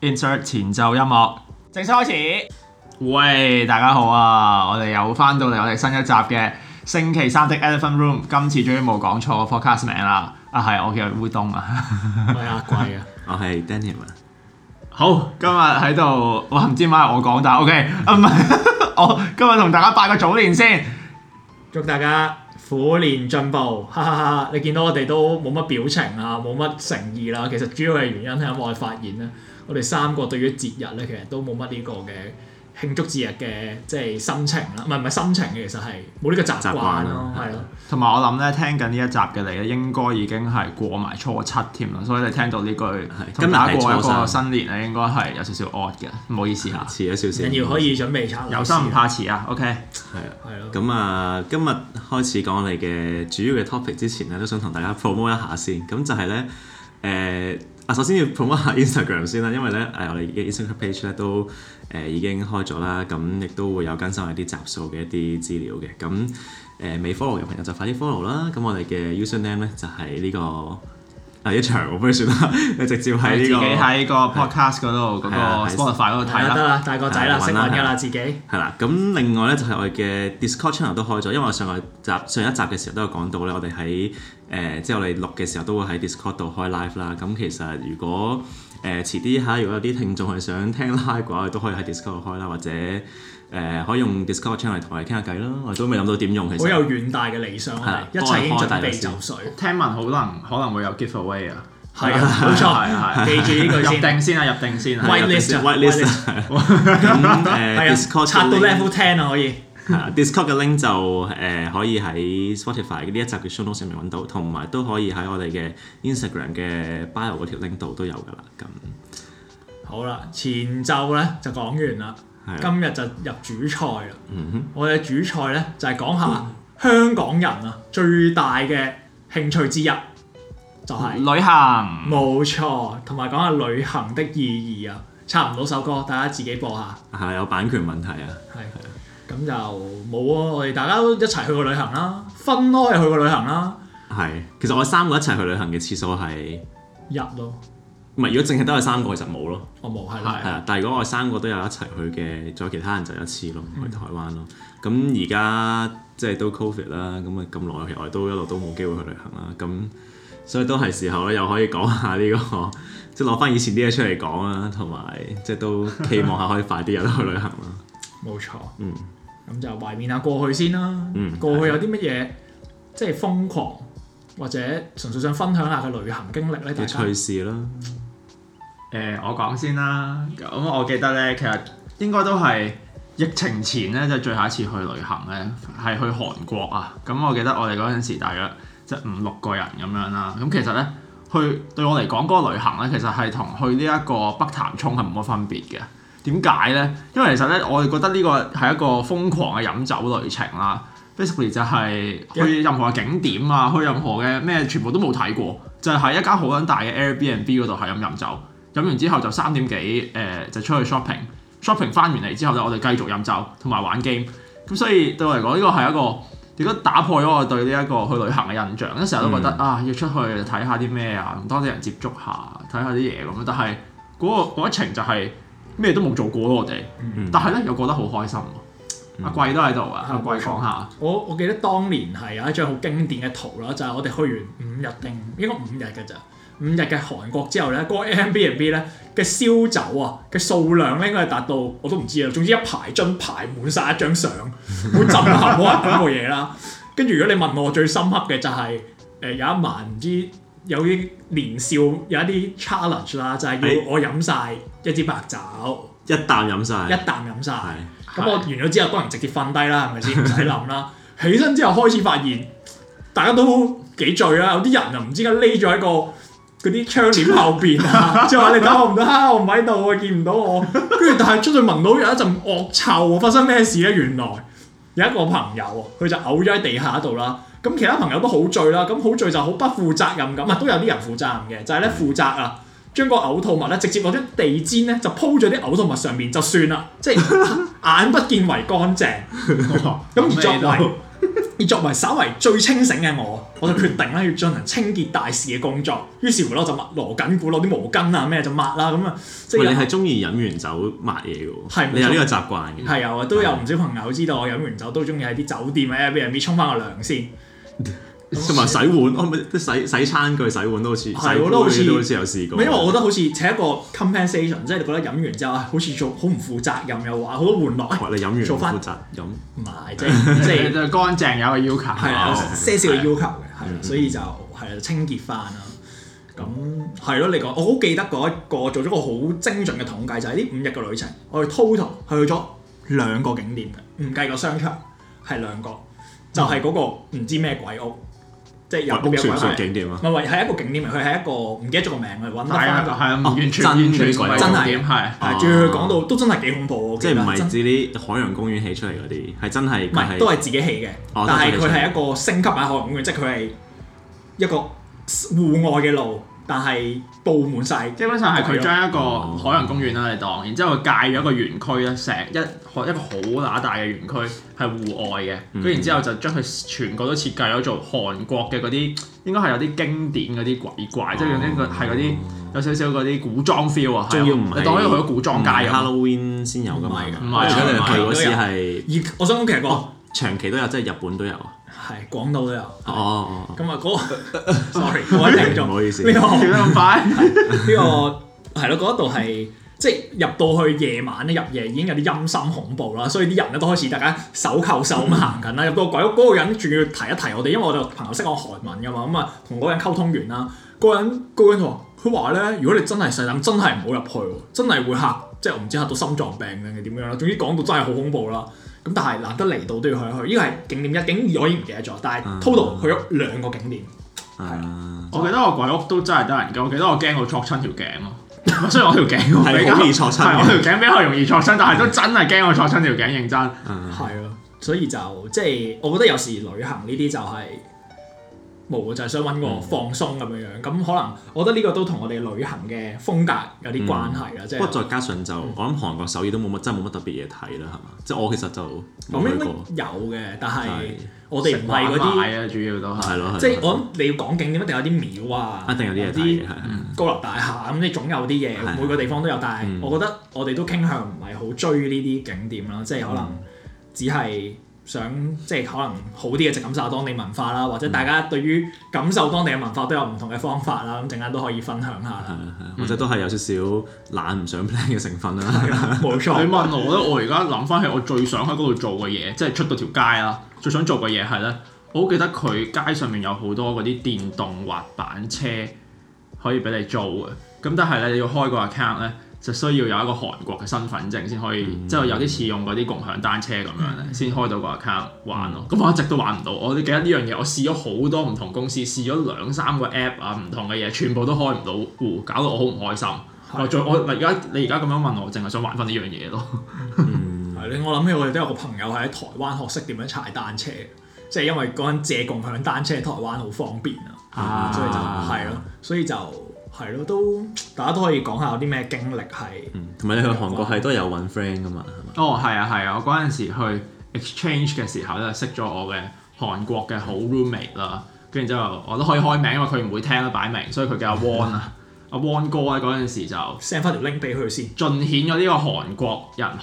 Insert 前奏音樂，正式開始。喂，大家好啊！我哋又翻到嚟我哋新一集嘅星期三的 Elephant Room。今次終於冇講錯個 Forecast 名啦。啊，係我叫烏冬啊係阿貴啊，我係 Daniel。啊。 啊好，今日喺度，我唔知點解我講但 OK、mm。唔、hmm. 係、啊，我今日同大家拜個早年先，祝大家虎年進步哈哈。你見到我哋都冇乜表情啊，冇乜誠意啦、啊。其實主要嘅原因係有冇發現咧？我哋三個對於節日咧，其實都冇乜呢個嘅慶祝節日嘅即係心情啦，唔係唔係心情嘅，其實係冇呢個習慣咯，係咯。同埋的我諗咧，聽緊呢一集嘅你咧，應該已經係過埋初七添啦，所以你聽到呢句，的今日過一個新年啊，應該係有少少 odd 嘅，唔好意思嚇，遲咗少少。人要可以準備了有心唔怕遲啊，OK，係啊，係咯。咁啊，今日開始講你嘅主要嘅 topic 之前咧，都想同大家 promo 一下先，咁就係咧，誒、呃。呃啊，首先要捧一下 Instagram 先啦，因為咧誒、哎，我哋嘅 Instagram page 咧都誒、呃、已經開咗啦，咁亦都會有更新一啲集數嘅一啲資料嘅，咁未、呃、follow 嘅朋友就快啲 follow 啦，咁我哋嘅 username 咧就係、是、呢、這個。誒一場喎，我不如算啦， 你直接喺呢、這個自己喺個 podcast 嗰度的，嗰那個 spotify 嗰度睇啦。得啦，大個仔啦，成年嘅啦，的自己。係啦，咁另外咧就係、是、我哋嘅 Discord channel 都開咗，因為我上個集上一集嘅時候都有講到咧，呃就是、我哋喺誒即係我哋錄嘅時候都會喺 Discord 度開 live 啦。咁其實如果～誒遲啲嚇，如果有啲聽眾係想聽 live 嘅話，都可以喺 Discord 開啦，或者誒可以用 Discord channel 嚟同我哋傾下偈啦。我都未諗到點用其實。好有遠大嘅理想啊！一切已經準備就緒。聽聞可能可能會有 giveaway 啊，係啊，冇錯，記住呢句先入定先啊，入定先。white list，white list。誒 Discord 到 level ten 啊，可以。Discord 嘅 link 就誒、呃、可以喺 Spotify 呢一集嘅 show notes 上面揾到，同埋都可以喺我哋嘅 Instagram 嘅 bio 嗰條 link 度都有噶啦。咁好啦，前奏咧就講完啦，的今日就入主菜啦。嗯、哼我哋主菜咧就係、是、講下香港人啊、嗯、最大嘅興趣之一就係、是、旅行，冇錯。同埋講下旅行嘅意義啊，插唔到首歌，大家自己播下。係有版權問題啊。係。咁就冇啊！我哋大家都一齊去過旅行啦，分開去過旅行啦。係，其實我哋三個一齊去旅行嘅次數係一咯。唔係，如果淨係得我哋三個，其實冇咯。我冇係。係啊，但係如果我哋三個都有一齊去嘅，再其他人就一次咯，去台灣咯。咁而家即係都 Covid 啦，咁啊咁耐期內都一路都冇機會去旅行啦。咁所以都係時候咧，又可以講下呢個，即係攞翻以前啲嘢出嚟講啦，同埋即係都期望下可以快啲有得去旅行啦。冇錯，嗯。咁就懷念下過去先啦。嗯，過去有啲乜嘢，的即係瘋狂或者純粹想分享下嘅旅行經歷呢啲趣事啦。誒、嗯呃，我講先啦。咁我記得呢，其實應該都係疫情前呢，即、就、係、是、最後一次去旅行呢，係去韓國啊。咁我記得我哋嗰陣時大約，大概即係五六個人咁樣啦。咁其實呢，去對我嚟講嗰個旅行呢，其實係同去呢一個北潭涌係冇乜分別嘅。點解咧？因為其實咧，我哋覺得呢個係一個瘋狂嘅飲酒旅程啦。Basically 就係去任何嘅景點啊，去任何嘅咩，全部都冇睇過。就係、是、喺一間好撚大嘅 Airbnb 嗰度，係咁飲酒。飲完之後就三點幾，誒、呃、就出去 shopping。shopping 翻完嚟之後呢，就我哋繼續飲酒同埋玩 game。咁所以對我嚟講，呢個係一個亦都打破咗我對呢一個去旅行嘅印象。一成日都覺得、嗯、啊，要出去睇下啲咩啊，同當地人接觸下，睇下啲嘢咁。但係嗰、那個嗰一程就係、是、～咩都冇做過咯，我哋、嗯，但係咧又覺得好開心。嗯、阿貴都喺度啊，阿貴講下。嗯、我我記得當年係有一張好經典嘅圖啦，就係、是、我哋去完五日定、嗯、應該五日嘅咋，五日嘅韓國之後咧，嗰、那個 Airbnb 咧嘅燒酒啊嘅數量咧應該係達到我都唔知啊。總之一排樽排滿晒一張相，嗯、好震撼，冇得講個嘢啦。跟住如果你問我最深刻嘅就係、是、誒、呃、有一晚唔知。有啲年少有一啲 challenge 啦，就係、是、要我飲晒一支白酒，一啖飲晒。一啖飲晒。咁我完咗之後，當然直接瞓低啦，係咪先？唔使諗啦。 起身之後開始發現大家都幾醉啦、啊，有啲人啊唔知點解匿咗喺個嗰啲窗簾後邊啊，即係話你打我唔到，嚇我唔喺度啊，我見唔到我。跟住 但係出去聞到有一陣惡臭，發生咩事咧？原來～有一個朋友，佢就嘔咗喺地下度啦。咁其他朋友都好醉啦。咁好醉就好不負責任咁啊！都有啲人負責任嘅，就係咧負責啊，將個嘔吐物咧直接攞張地氈咧就鋪咗啲嘔吐物上面就算啦，即係眼不見為乾淨。咁而作為。而作為稍為最清醒嘅我，我就決定啦，要進行清潔大事嘅工作。於是乎咧，我就抹攞緊攰攞啲毛巾啊咩，就抹啦咁啊，即係你係中意飲完酒抹嘢嘅喎，係，你有呢個習慣嘅。係啊，我都有唔少朋友知道我飲完酒都中意喺啲酒店啊俾人搣沖翻個涼先。 同埋洗碗，我唔係洗洗餐具、洗碗都好似係我都好似好似有試過。因為我覺得好似請一個 compensation，即係你覺得飲完之後啊，好似做好唔負責任又話好多玩樂。你飲完做負責飲，唔係即即係乾淨有個要求，係啊，些少嘅要求嘅，係，所以就係清潔翻啦。咁係咯，你講我好記得嗰一個做咗個好精準嘅統計，就係呢五日嘅旅程，我哋 total 去咗兩個景點嘅，唔計個商場，係兩個，就係嗰個唔知咩鬼屋。即係有個鬼片，唔係係一個景點，佢係一個唔記得咗個名啦，揾翻翻。係啊，係啊，完全、哦、真完全鬼、鬼真係，仲要講到都真係幾恐怖，即係唔係指啲海洋公園起出嚟嗰啲，係真係，唔係都係自己起嘅，哦、起但係佢係一個升級版海洋公園，即係佢係一個戶外嘅路，但係佈滿晒，基本上係佢將一個海洋公園啦嚟當，然之後佢界咗一個園區一石一，一個好乸大嘅園區係戶外嘅，跟然之後就將佢全個都設計咗做韓國嘅嗰啲，應該係有啲經典嗰啲鬼怪，即係嗰啲係嗰啲有少少嗰啲古裝 feel 啊，仲要唔係當一個古裝街嘅 Halloween 先有㗎嘛，唔係，唔係嗰時係，我想講其實長期都有，即係日本都有。係講到都有哦，咁啊嗰個 ，sorry，嗰位聽眾，唔好意思，呢、這個點解咁快？呢、 這個係咯，嗰一度係即係入到去夜晚咧，入夜已經有啲陰森恐怖啦，所以啲人咧都開始大家手扣手咁行緊啦。入到鬼屋，嗰、那個人仲要提一提我哋，因為我哋朋友識講韓文噶嘛，咁啊同嗰個人溝通完啦，嗰、那個人嗰、那個人話：佢話咧，如果你真係細膽，真係唔好入去，真係會嚇，即係唔知嚇到心臟病定係點樣啦。總之講到真係好恐怖啦。咁但係難得嚟到都要去一去，呢個係景點一景二。我已經唔記得咗。但係 total 去咗兩個景點，係啊。是啊我記得我鬼屋都真係得人驚，我記得我驚我挫親條頸， 頸是啊。雖然我條頸比較容易挫親，啊、我條頸比較容易挫親，但係都真係驚我挫親條頸，認真係啊。啊啊所以就即係、就是、我覺得有時旅行呢啲就係、是。冇就係、是、想揾個放鬆咁樣樣，咁、嗯、可能我覺得呢個都同我哋旅行嘅風格有啲關係啦，即係、嗯就是、不過再加上就、嗯、我諗韓國首爾都冇乜真係冇乜特別嘢睇啦，係嘛？即係我其實就冇去過應該有嘅，但係我哋唔係嗰啲主要都係咯，即係我諗你要講景點一定有啲廟啊，一定有啲啲，一有有高樓大廈咁，你的、嗯、總有啲嘢每個地方都有，但係我覺得我哋都傾向唔係好追呢啲景點啦，即、就、係、是、可能只係。嗯想即係可能好啲嘅，就感受當地文化啦，或者大家對於感受當地嘅文化都有唔同嘅方法啦，咁陣間都可以分享下。嗯、或者都係有少少懶唔想 plan 嘅成分啦、嗯。冇錯。 你問我咧，我而家諗翻起我最想喺嗰度做嘅嘢，即係出到條街啦，最想做嘅嘢係咧，我好記得佢街上面有好多嗰啲電動滑板車可以俾你租嘅，咁但係咧你要開個 account 咧。就需要有一個韓國嘅身份證先可以，即係有啲似用嗰啲共享單車咁樣咧，先開到個 account 玩咯。咁我一直都玩唔到，我記得呢樣嘢，我試咗好多唔同公司，試咗兩三個 app 啊，唔同嘅嘢，全部都開唔到戶，搞到我好唔開心。嗱，再我而家你而家咁樣問我，淨係想玩翻呢樣嘢咯。係咧，我諗起我哋都有個朋友係喺台灣學識點樣踩單車，即係因為嗰陣借共享單車台灣好方便啊，所以就係咯，所以就。係咯，都大家都可以講下有啲咩經歷係，同埋、嗯、你去韓國係都有揾 friend 噶嘛，係嘛、嗯？吧哦，係啊，係啊，我嗰陣時去 exchange 嘅時候咧，識咗我嘅韓國嘅好 roommate 啦，跟住之後我都可以開名，因為啊，佢唔會聽啦，擺名，所以佢叫阿 Won 啊，阿 Won 哥咧，嗰陣時就 send 翻條 link 俾佢先，盡顯咗呢個韓國人好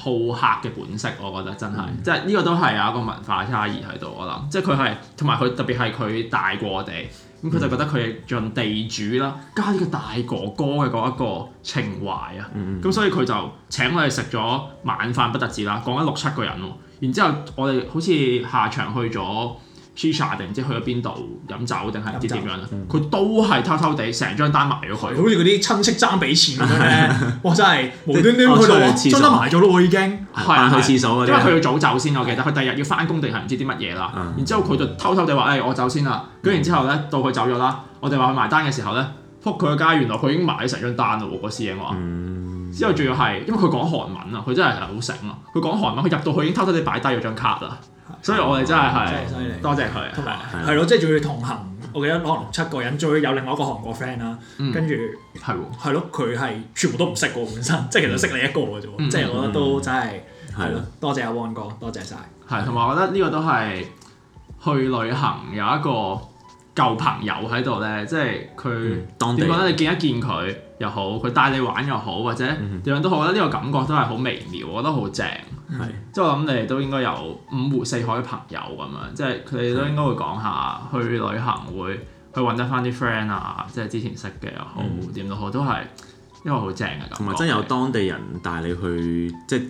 客嘅本色，我覺得真係，嗯、即係呢個都係有一個文化差異喺度，我諗，即係佢係同埋佢特別係佢大過我哋。咁佢、嗯、就覺得佢盡地主啦，加呢個大哥哥嘅嗰一個情懷啊，咁、嗯、所以佢就請我哋食咗晚飯不特止啦，講緊六七個人喎，然之後我哋好似下場去咗。黐，定唔知去咗邊度飲酒定係唔知點樣啦？佢都係偷偷地成張單埋咗佢，好似嗰啲親戚爭俾錢咁樣咧。我 真係無端端去到將單埋咗咯，我已經係、啊、去廁所因為佢要早走先，先。我記得佢第日要翻工定係唔知啲乜嘢啦。然之後佢就偷偷地話：誒、哎，我先走先啦。咁、嗯、然之後咧，到佢走咗啦，我哋話去埋單嘅時候咧，仆佢個街，原來佢已經埋咗成張單啦喎！嗰師兄話。嗯之後仲要係，因為佢講韓文啊，佢真係係好醒啊。佢講韓文，佢入到去已經偷偷哋擺低咗張卡啦。所以我哋真係係，多謝佢。係咯，即係仲要同行，我記得可能七個人，仲要有另外一個韓國 friend 啦。跟住係喎，係咯，佢係全部都唔識嘅本身，即係其實識你一個嘅啫。即係我覺得都真係係咯，多謝阿汪哥，多謝晒。係，同埋我覺得呢個都係去旅行有一個。舊朋友喺度咧，即係佢點講咧？你見一見佢又好，佢帶你玩又好，或者點樣都好，覺得呢個感覺都係好微妙，我覺得好正。係是，即係我諗你哋都應該有五湖四海嘅朋友咁樣，即係佢哋都應該會講下是去旅行會去揾得翻啲 friend 啊，即係之前識嘅又好點、嗯、都好，都係因為好正嘅感覺。同埋真有當地人帶你去，即係。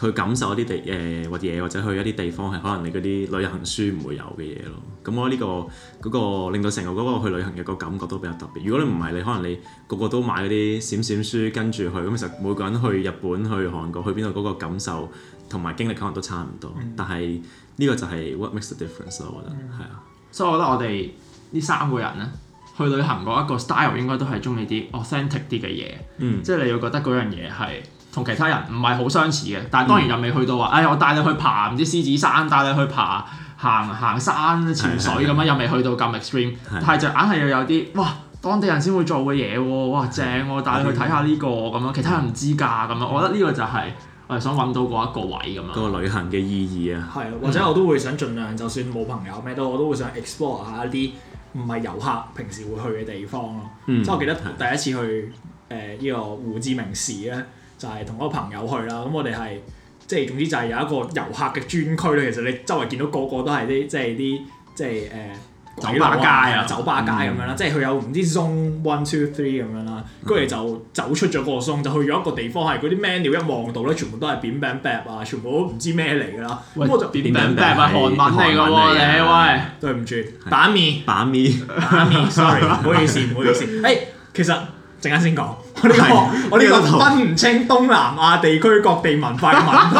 去感受一啲地誒或嘢，或者去一啲地方係可能你嗰啲旅行書唔會有嘅嘢咯。咁、嗯、我呢、呢個嗰、嗰個令到成個嗰個去旅行嘅個感覺都比較特別。如果你唔係，你，可能你個個都買嗰啲閃閃書跟住去，咁其實每個人去日本、去韓國去邊度嗰個感受同埋經歷可能都差唔多。嗯、但係呢、呢個就係 what makes the difference 咯，我覺得係、嗯、啊。所以我覺得我哋呢三個人咧去旅行嗰一個 style 應該都係中意啲 authentic 啲嘅嘢，即係、嗯、你會覺得嗰樣嘢係。同其他人唔係好相似嘅，但係當然又未去到話，嗯、哎，我帶你去爬唔知獅子山，帶你去爬行行山、潛水咁樣，是是是又未去到咁 extreme。是是但係就硬係要有啲，哇，當地人先會做嘅嘢喎，哇，正喎、啊，帶你去睇下呢、這個咁樣，其他人唔知㗎咁樣。我覺得呢個就係、是、我係想搵到嗰一個位咁啊，樣個旅行嘅意義啊，啊。係、嗯、或者我都會想盡量，就算冇朋友咩都，我都會想 explore 下一啲唔係遊客平時會去嘅地方咯。即係、嗯、我記得第一次去誒呢、呃這個胡志明市咧。就係同一個朋友去啦，咁我哋係即係總之就係有一個遊客嘅專區啦。其實你周圍見到個個都係啲即係啲即係誒酒吧街啊、酒吧街咁樣啦。即係佢有唔知 zone one two three 咁樣啦，跟住就走出咗個 zone，就去咗一個地方係嗰啲 menu 一望到咧，全部都係扁餅餅啊，全部都唔知咩嚟噶啦。咁我就扁餅餅啊，韓文嚟㗎喎，你喂，對唔住，板麵，板麵，sorry，唔好意思，唔好意思。誒，其實。陣間先講，我呢個、我呢個分唔清東南亞地區各地文化嘅問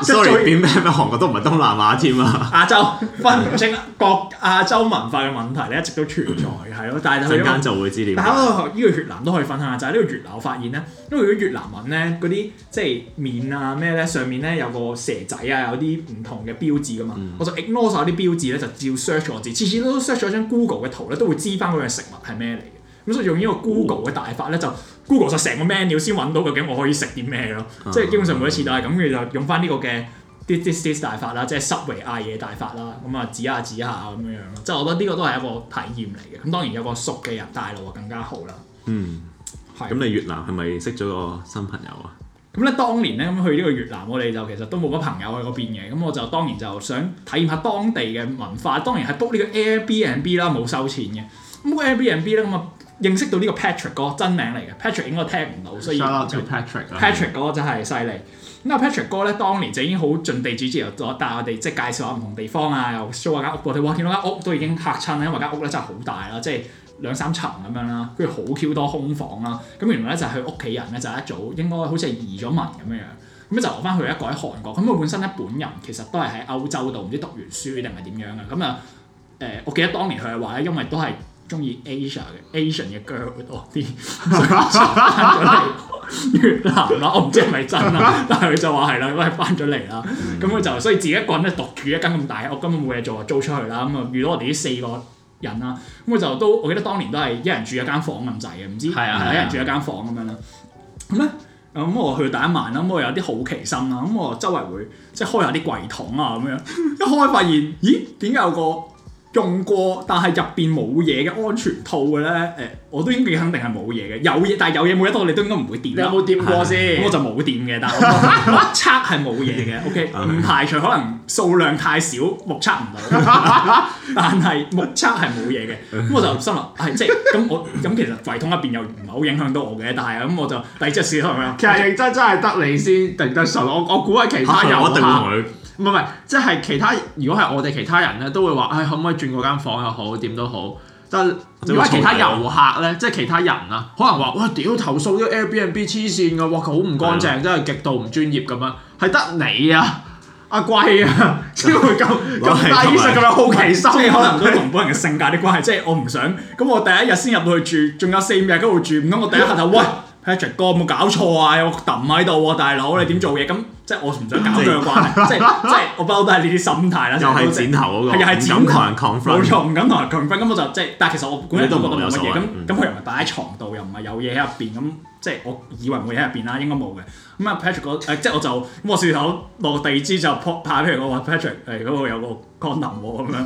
題，Sorry，點咩咩韓國都唔係東南亞添啊。亞洲分唔清各亞洲文化嘅問題，你 一直都存在嘅係咯。但係陣間就會知點。但係我學個越南都可以分享下，就係、是、呢個越南發現咧，因為如果越南文咧嗰啲即係麵啊咩咧，上面咧有個蛇仔啊，有啲唔同嘅標誌噶嘛，嗯、我就 ignore 晒啲標誌咧，就照 search 我字，次次都 search 咗張 Google 嘅圖咧，都會知翻嗰樣食物係咩嚟嘅。咁、嗯、所以用呢個 Google 嘅大法咧，就 Google 就成個 menu 先揾到究竟我可以食啲咩咯，啊、即係基本上每一次都係咁，佢就用翻呢個嘅 did this, this this 大法啦，即係 Subway 嗌嘢大法啦，咁啊指下指下咁樣樣咯，即係我覺得呢個都係一個體驗嚟嘅。咁當然有個熟嘅人帶路啊，更加好啦。嗯，係的。咁你越南係咪識咗個新朋友啊？咁咧當年咧咁去呢個越南，我哋就其實都冇乜朋友喺嗰邊嘅，咁我就當然就想體驗下當地嘅文化，當然係 book 呢個 Airbnb 啦，冇收錢嘅。咁、那個 Airbnb 咧咁啊～認識到呢個 Patrick 哥真名嚟嘅，Patrick 應該聽唔到，所以叫 Patrick，就 Patrick Patrick 哥，哥真係犀利。咁啊，Patrick 哥咧，當年就已經好盡地主之誼，帶我哋即係介紹下唔同地方啊，又 show 下間屋。我哋哇見到間屋都已經嚇親啦，因為間屋咧真係好大啦，即係兩三層咁樣啦，跟住好 Q 多空房啦。咁原來咧就佢屋企人咧就一早應該好似移咗民咁樣樣，咁就留翻佢一個喺韓國。咁佢本身咧本人其實都係喺歐洲度，唔知讀完書定係點樣啊？咁啊誒，我記得當年佢係話咧，因為都係。中意 Asia 嘅 Asian 嘅 girl 會多啲， 所以翻咗嚟越南啦。我唔知係咪真啊，但係佢就話係啦，因為翻咗嚟啦。咁佢 就所以自己一個人咧獨住一間咁大屋，我根本冇嘢做啊，租出去啦。咁啊，遇到我哋呢四個人啦，咁我就都我記得當年都係一人住一間房咁滯嘅，唔知係啊，係啊一人住一間房咁樣啦。咁咧咁我去第一晚啦，咁我有啲好奇心啦，咁我周圍會即係開下啲櫃桶啊咁樣，一開發現咦點解有個用過但係入邊冇嘢嘅安全套嘅咧，誒、欸，我都已經肯定係冇嘢嘅。有嘢但係有嘢冇得，個你都應該唔會掂。你有冇掂過先？咁 我就冇掂嘅，但目 測係冇嘢嘅。O K，唔排除可能數量太少，目測唔到。 但係目測係冇嘢嘅。咁 我就心諗，係、哎、即係咁我咁其實維通一邊又唔係好影響到我嘅，但係咁我就第二隻試咯，係咪其實認真就真係得你先，定得神？我、嗯、我估係、就是、其,其他人。下。唔係唔係，即係其他如果係我哋其他人咧，都會話，可唔可以？好轉嗰間房又好，點都好。但係如果其他遊客咧，即係其他人啊，可能話：哇屌！投訴呢個 Airbnb 黐線㗎，哇佢好唔乾淨，對吧 真係極度唔專業咁啊！係得你啊，阿貴啊，超會咁咁低俗咁樣好奇心、啊嗯、即嘅，可能都同本人嘅性格啲關係。即係、嗯、我唔想咁， 我第一日先入去住，仲有四五日喺度住，唔通我第一下頭喂 Patrick 哥有冇搞錯啊？有抌喺度喎，大佬你點做嘢咁？這樣 即係我唔想搞呢個關係，即係即係，我不嬲都係呢啲心態啦。就係剪頭嗰個，又係剪頭，冇錯，咁同人 conflict 咁我就即係，但係其實我本身都覺得冇乜嘢。咁咁佢又唔係擺喺床度，又唔係有嘢喺入邊咁。即係我以為會喺入邊啦，應該冇嘅。咁、嗯、啊 Patrick 個、呃，即係我就摸樹頭落地支就撲下，譬如我話 Patrick 誒、欸、嗰、那個有個 Condom 喎咁樣，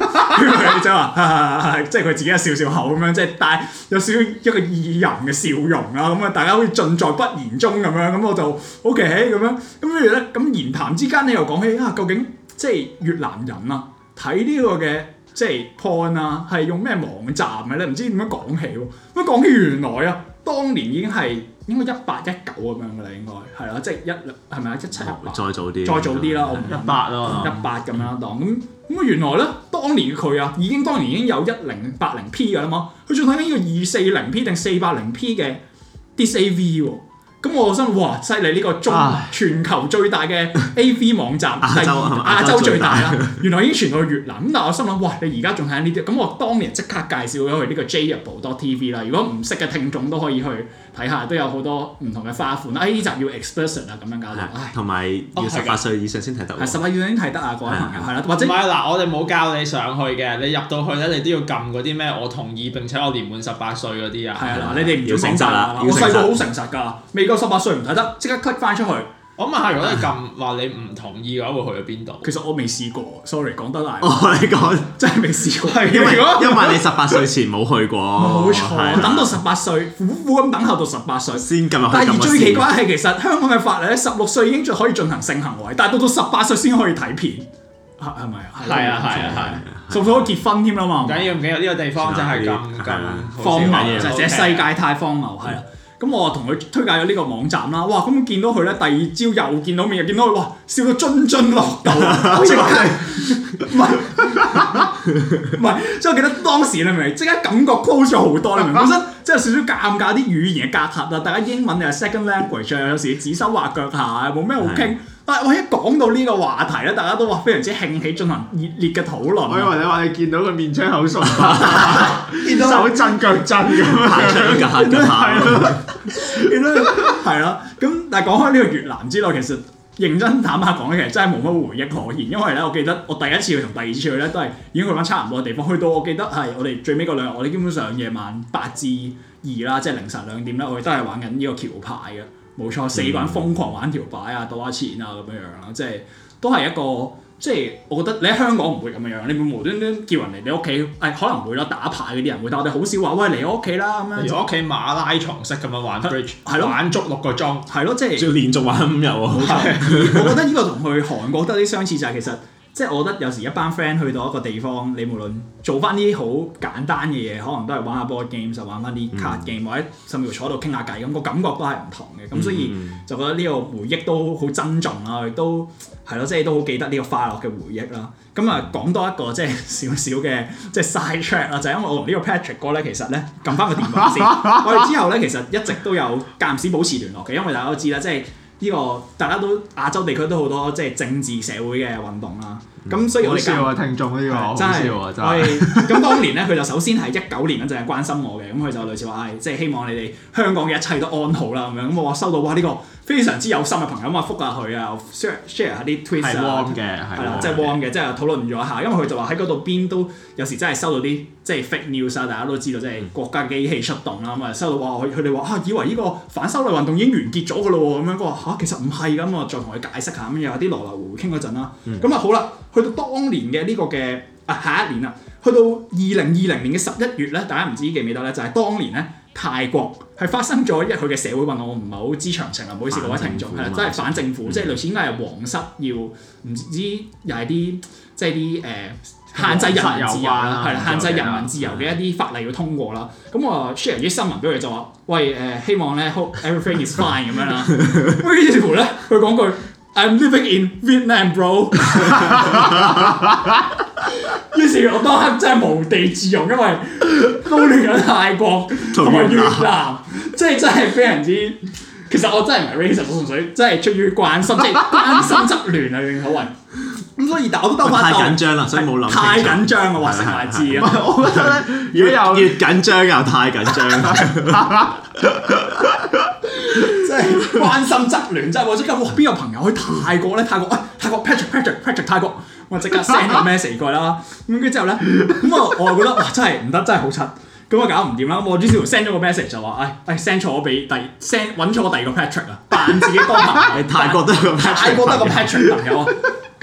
即係話係係係，即係佢自己一笑笑口咁樣，即係帶有少少一個異人嘅笑容啦。咁啊，大家好似盡在不言中咁樣。咁我就 O K 咁樣。咁跟住咧，咁言談之間咧又講起啊，究竟即係越南人啊睇呢個嘅即係 porn 啊，係用咩網站嘅、啊、咧？唔知點樣講起、啊。咁講起原來啊，當年已經係。應該一八一九咁樣嘅啦，應該係啦，即係一兩係咪一七再早啲，再早啲啦，我唔一八咯，一八咁樣檔咁咁啊！原來咧，當年佢啊，已經當年已經有一零八零 P 嘅啦嘛，佢仲睇緊呢個二四零 P 定四八零 P 嘅 d c v 喎。咁我心諗哇，犀利！呢、這個中、啊、全球最大嘅 AV 網站， 亞洲二亞洲最大啦，大 原來已經傳到去越南。咁嗱，我心諗哇，你而家仲睇緊呢啲？咁我當年即刻介紹咗去呢個 Jable.tv 啦。如果唔識嘅聽眾都可以去。睇下都有好多唔同嘅花款啦，哎，呢集要 expression 啊，咁樣搞，唉，同埋要十八歲以上先睇到，十八歲已經睇得啊，各位朋友，係啦，或者唔係嗱，我哋冇教你上去嘅，你入到去咧，你都要撳嗰啲咩？我同意並且我年滿十八歲嗰啲啊。係啊，你哋唔要誠實啦，我細個好誠實㗎，未夠十八歲唔睇得，即刻 cut 翻出去。我問下如果你咁話你唔同意嘅話會去到邊度？其實我未試過，sorry 講得大。我你講真係未試過，因為因為你十八歲前冇去過。冇錯，等到十八歲苦苦咁等候到十八歲先撳入去。但係而最奇怪係其實香港嘅法例，十六歲已經可以進行性行為，但係到到十八歲先可以睇片，係咪啊？係啊係啊係，仲可以結婚添啦嘛！唔緊要，唔緊要，呢個地方真係咁咁荒謬，就係世界太荒謬係啦。咁我同佢推介咗呢個網站啦，哇！咁見到佢咧，第二朝又見到面，又見到佢，哇！笑到津津樂道啊！即係唔係？唔係， 即係我記得當時你明唔明？即刻感覺 close 咗好多，你明唔明？本身即係少少尷尬啲語言嘅隔閡啊，大家英文又 second language，又 有時指手畫腳下，冇咩好傾。但係我一講到呢個話題咧，大家都話非常之興起進行熱烈嘅討論。我以為你話你見到佢面青口腫啦，見到 手震腳震咁樣， 見到係啦。咁但係講開呢個越南之內，其實認真坦白講，其實真係冇乜回憶可言。因為咧，我記得我第一次去同第二次去咧，都係已經去翻差唔多嘅地方。去到我記得係我哋最尾嗰兩日，我哋基本上夜晚八至二啦，即係凌晨兩點咧，我哋都係玩緊呢個橋牌嘅。冇錯，嗯、四個人瘋狂玩條擺啊，賭下錢啊，咁樣樣啦，即係都係一個，即係我覺得你喺香港唔會咁樣樣，你唔會無端端叫人嚟你屋企，誒、哎、可能會咯，打牌嗰啲人會，但我哋好少話喂嚟我屋企啦，咁樣就喺屋企馬拉床式咁樣玩 bridge，係咯，玩足六個鐘，係咯，即、就、係、是、要連續玩五日喎。我覺得呢個同去韓國有啲相似，就係其實。即係我覺得有時一班 friend 去到一個地方，你無論做翻啲好簡單嘅嘢，可能都係玩下 board game，就玩翻啲 card game，或者甚至乎坐喺度傾下偈，咁個感覺都係唔同嘅。咁所以就覺得呢個回憶都好珍重啦，亦都係咯，即係都好記得呢個快樂嘅回憶啦。咁啊，講多一個即係少少嘅即係 side track 啦，就係因為我同呢個 Patrick 哥咧，其實咧撳翻個電話先。 我哋之後咧，其實一直都有間唔時保持聯絡嘅，因為大家都知啦，即係。呢個大家都亞洲地區都好多即係政治社會嘅運動啦，咁、嗯、所以我哋笑啊聽眾呢、呢個真係，咁當年咧佢就首先係一九年嗰陣係關心我嘅，咁佢就類似話，誒、哎、即係希望你哋香港嘅一切都安好啦，咁樣咁我話收到哇呢、呢個。非常之有心嘅朋友啊，覆下佢啊，share share 下啲 tweet 啊，係啦，即係和 warm 嘅，即係的討論咗一下，因為佢就話喺嗰度邊都有時真係收到啲即係、就是、fake news 啊，大家都知道，即、就、係、是、國家機器出動啦，咁啊收到話佢佢哋話啊，以為呢個反修例運動已經完結咗嘅咯咁樣，我話吓，其實唔係咁啊，再同佢解釋下咁，有啲來來回回傾嗰陣啦。咁啊、嗯、好啦，去到當年嘅呢個嘅啊下一年啊，去到二零二零年嘅十一月咧，大家唔知記唔記得咧，就係、是、當年咧。泰國係發生咗一佢嘅社會運動，我唔係好知詳情啊，唔好意思各位聽眾，係啦，真係反政府，即係類似應該係皇室要唔知又係啲即係啲誒限制人自由，係、呃、啦，限制人民自由嘅、啊、一啲法例要通過啦。咁、嗯、我 share 咗啲新聞俾佢就話，喂誒、呃，希望咧，hope everything is fine 咁 樣啦。咁於是乎咧，佢講句，I'm living in Vietnam, bro。 於是，我當刻真係無地自容，因為搞亂咗泰國同埋越南，即係真係非常之。其實我真係唔係 reason，我純粹真係出於關心，即係關心則亂啊！你好喂，咁所以但我都得翻。太緊張啦，所以冇諗。太緊張嘅話，成係字啊！如果有越緊張又太緊張，即係關心則亂，即係話即刻邊有朋友去泰國咧？泰國喂，泰國 Patrick Patrick Patrick 泰國。我即刻 send 個 message 過啦，咁跟之後咧，咁我我又覺得哇真係唔得，真係好柒，咁我搞唔掂啦，咁我於是乎 send 咗個 message 就話，唉誒 send 錯我俾第 send 揾錯我第二個 Patrick 啊，扮自己當時，泰國都有個 Patrick 朋友啊。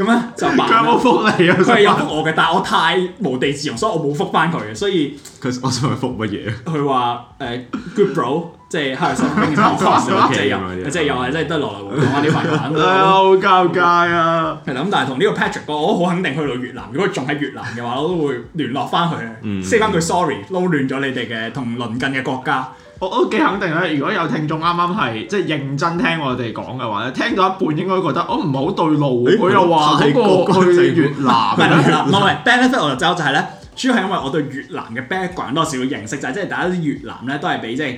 咁咧就佢冇復你啊？佢係有復我嘅，但我太無地自容，所以我冇復翻佢嘅，所以佢我想去復乜嘢？佢話誒 Good bro，即係 Harry 即係又即係又係即係得落來回回講啲話咯。好尷尬啊！其實咁，但係同呢個 Patrick 哥，我都好肯定去到越南，如果仲喺越南嘅話，我都會聯絡翻佢 send 翻句 sorry，撈亂咗你哋嘅同鄰近嘅國家。我都幾肯定咧，如果有聽眾啱啱係即係認真聽我哋講嘅話咧，聽到一半應該覺得哦，唔係好對路。佢又話睇過去越南，唔係越南。冇係 benefit 我就走就係咧，主要係因為我對越南嘅 background 多少會認識，就係即係大家啲越南咧都係俾即係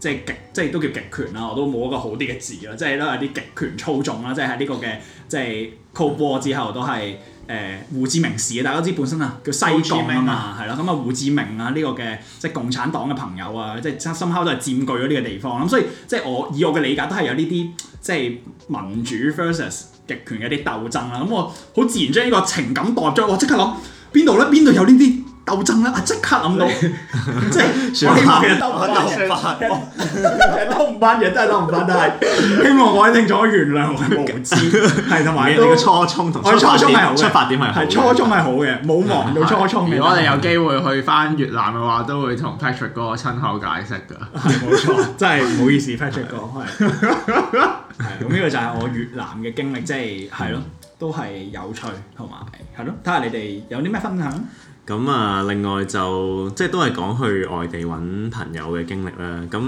即係極即係都叫極權啦，我都冇一個好啲嘅字啦，即係都有啲極權操縱啦，即係喺呢個嘅即係 Cold War 之後都係。誒、呃、胡志明市啊，大家都知本身啊叫西貢啊嘛，係啦，咁啊胡志明啊呢、嗯啊這個嘅即係共產黨嘅朋友啊，即係 somehow 都係佔據咗呢個地方咁、嗯、所以即係、就是、我以我嘅理解都係有呢啲即係民主 versus 極權嘅一啲鬥爭啦，咁、嗯、我好自然將呢個情感代入咗，我即刻諗邊度咧？邊度有呢啲？鬥爭啦！即刻諗到，即係想拍嘢都唔拍，真係撈唔翻嘢，真係撈唔翻。但係希望我定咗，原諒我無知，係同埋你嘅初衷同出發點，出發點係好嘅，初衷係好嘅，冇忘到初衷。如果你有機會去翻越南嘅話，都會同 Patrick 哥親口解釋嘅。係冇錯，真係唔好意思，Patrick 哥。係咁，呢個就係我越南嘅經歷，即係係咯，都係有趣同埋係咯。睇下你哋有啲咩分享。咁啊，另外就即係都係講去外地揾朋友嘅經歷啦。咁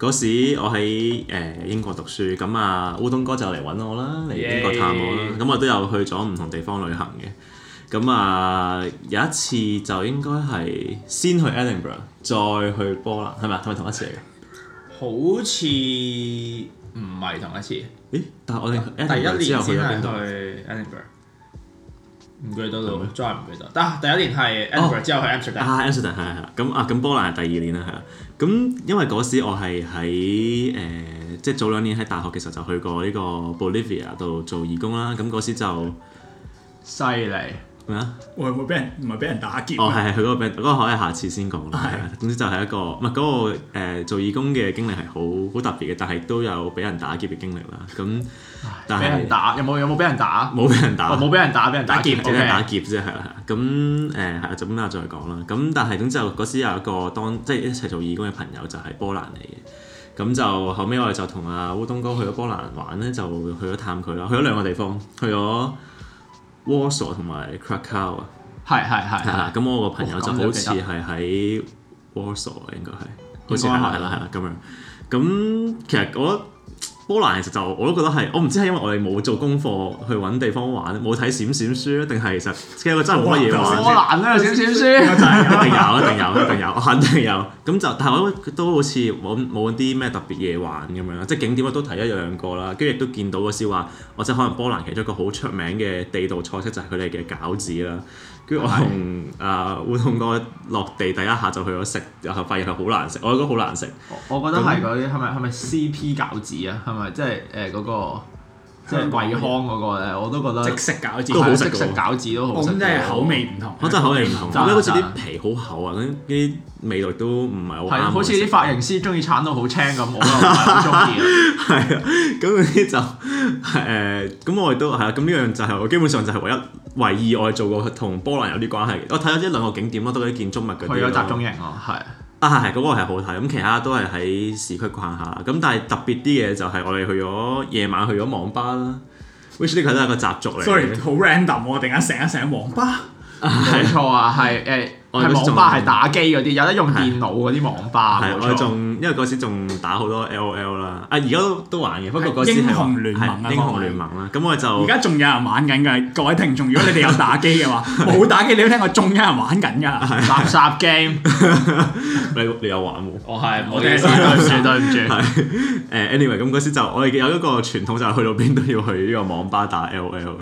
嗰時我喺誒、呃、英國讀書，咁啊烏冬哥就嚟揾我啦，嚟英國探我啦。咁 Yeah. 我都有去咗唔同地方旅行嘅。咁啊、呃、有一次就應該係先去 Edinburgh，再去波蘭，係咪係咪同一次嚟嘅？好似唔係同一次。咦？但係我哋、e、第一年先去邊、e、度？Edinburgh。唔記得咗，真係唔記得。但、啊、第一年係 Angela、哦、之後係 Amsterdam、Amsterdam 係係咁啊。咁、啊、波蘭係第二年啦，係啦。咁因為嗰時我係喺誒，即係早兩年喺大學嘅時候就去過呢個 Bolivia 度做義工啦。咁嗰時就犀利。咩啊？我係冇俾人，唔係俾人打劫、啊。哦，係係，佢、那、嗰個俾嗰、那個可以下次先講啦。係、啊，總之就係、是、一個唔係嗰個、呃、做義工嘅經歷係好好特別嘅，但係都有俾人打劫嘅經歷啦。咁俾人打有冇有冇俾人打？冇俾人打，冇俾人打俾、哦、人，人打劫，冇俾人打劫啫，係啦的。咁誒係啊，咁啊、呃、再講啦。咁但係總之就嗰時有一個當即係一齊做義工嘅朋友就係、是、波蘭嚟嘅。咁就後尾我哋就同阿烏冬哥去咗波蘭玩咧，就去咗探佢啦。去咗兩個地方，去咗。Warsaw 同埋 Krakow 啊，係係係，咁我個朋友就好似係喺 Warsaw 應該係，好似係啦係啦咁樣，咁其實我。波蘭其實就我都覺得係，我唔知係因為我哋冇做功課去揾地方玩，冇睇閃閃書啊，定係其實其實真係冇乜嘢玩波蘭啦，哇閃閃書一定有，一定有，一定有，肯定有。咁就但係我都好似揾冇啲咩特別嘢玩咁樣，即係景點我都睇一兩個啦，跟住亦都見到嗰笑話，或者可能波蘭其中一個好出名嘅地道菜式就係佢哋嘅餃子啦。跟住我同啊烏冬哥落地第一下就去咗食，然後發現係好難食，我覺得好難食。我覺得係嗰啲係咪係咪 CP 餃子啊？係咪即係誒嗰個？即係貴康嗰個咧，我都覺得即食餃對都好食嘅。餃子都好食。咁、哦、即係口味唔同。我真係口味唔同。咁咧不好似啲皮好厚啊，啲正味道都唔係好啱。好似啲髮型師中意鏟到好青咁，啊、我咯，唔好中意。係啊，咁嗰啲就誒，咁、 嗯 嗯、我哋都係啊。咁呢樣就係我基本上就係唯一唯二我哋做過同波蘭有啲關係。我睇咗一兩個景點咯，都係啲建築物嗰啲。佢有集中營啊，係。啊係，嗰、那個係好睇，咁其他都係喺市區逛下，咁但係特別啲嘅就係我哋去咗夜晚去咗網吧啦 which 呢個都係個習俗嚟嘅。Sorry，好 random，我突然間醒一醒，網吧。冇錯啊，係誒錯，係網吧係打機嗰啲，有得用電腦嗰啲網吧喎。係因為嗰時仲打好多 L.O.L 啦，啊而家都都玩嘅，不過嗰時係英雄聯盟啊，英雄聯盟啦，咁我就而家仲有人玩緊㗎，各位聽眾，如果你哋有打機嘅話，冇打機你都聽過，仲有人玩緊㗎，垃圾 game。你你有玩喎，我係我哋對唔住對唔住。係誒，anyway，咁嗰時就我哋有一個傳統，就係去到邊都要去呢個網吧打 L.O.L。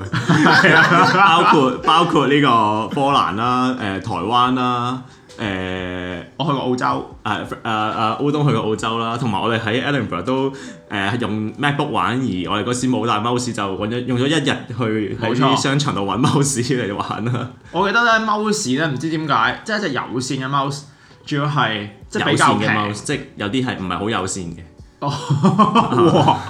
包括包括呢個波蘭啦，誒台灣啦。誒，欸、我去過澳洲，誒誒誒，烏、啊、冬、啊、去過澳洲啦，同埋我哋喺 Element 都誒、呃、用 MacBook 玩，而我哋嗰時冇帶 mouse 就揾咗用咗一日去喺啲商場度揾 mouse 嚟玩啦。冇錯 我記得咧，mouse 咧唔知點解，即、就、係、是、一隻有線嘅 mouse，仲要係即 mouse 即係有啲係唔係好有線嘅。就是哦，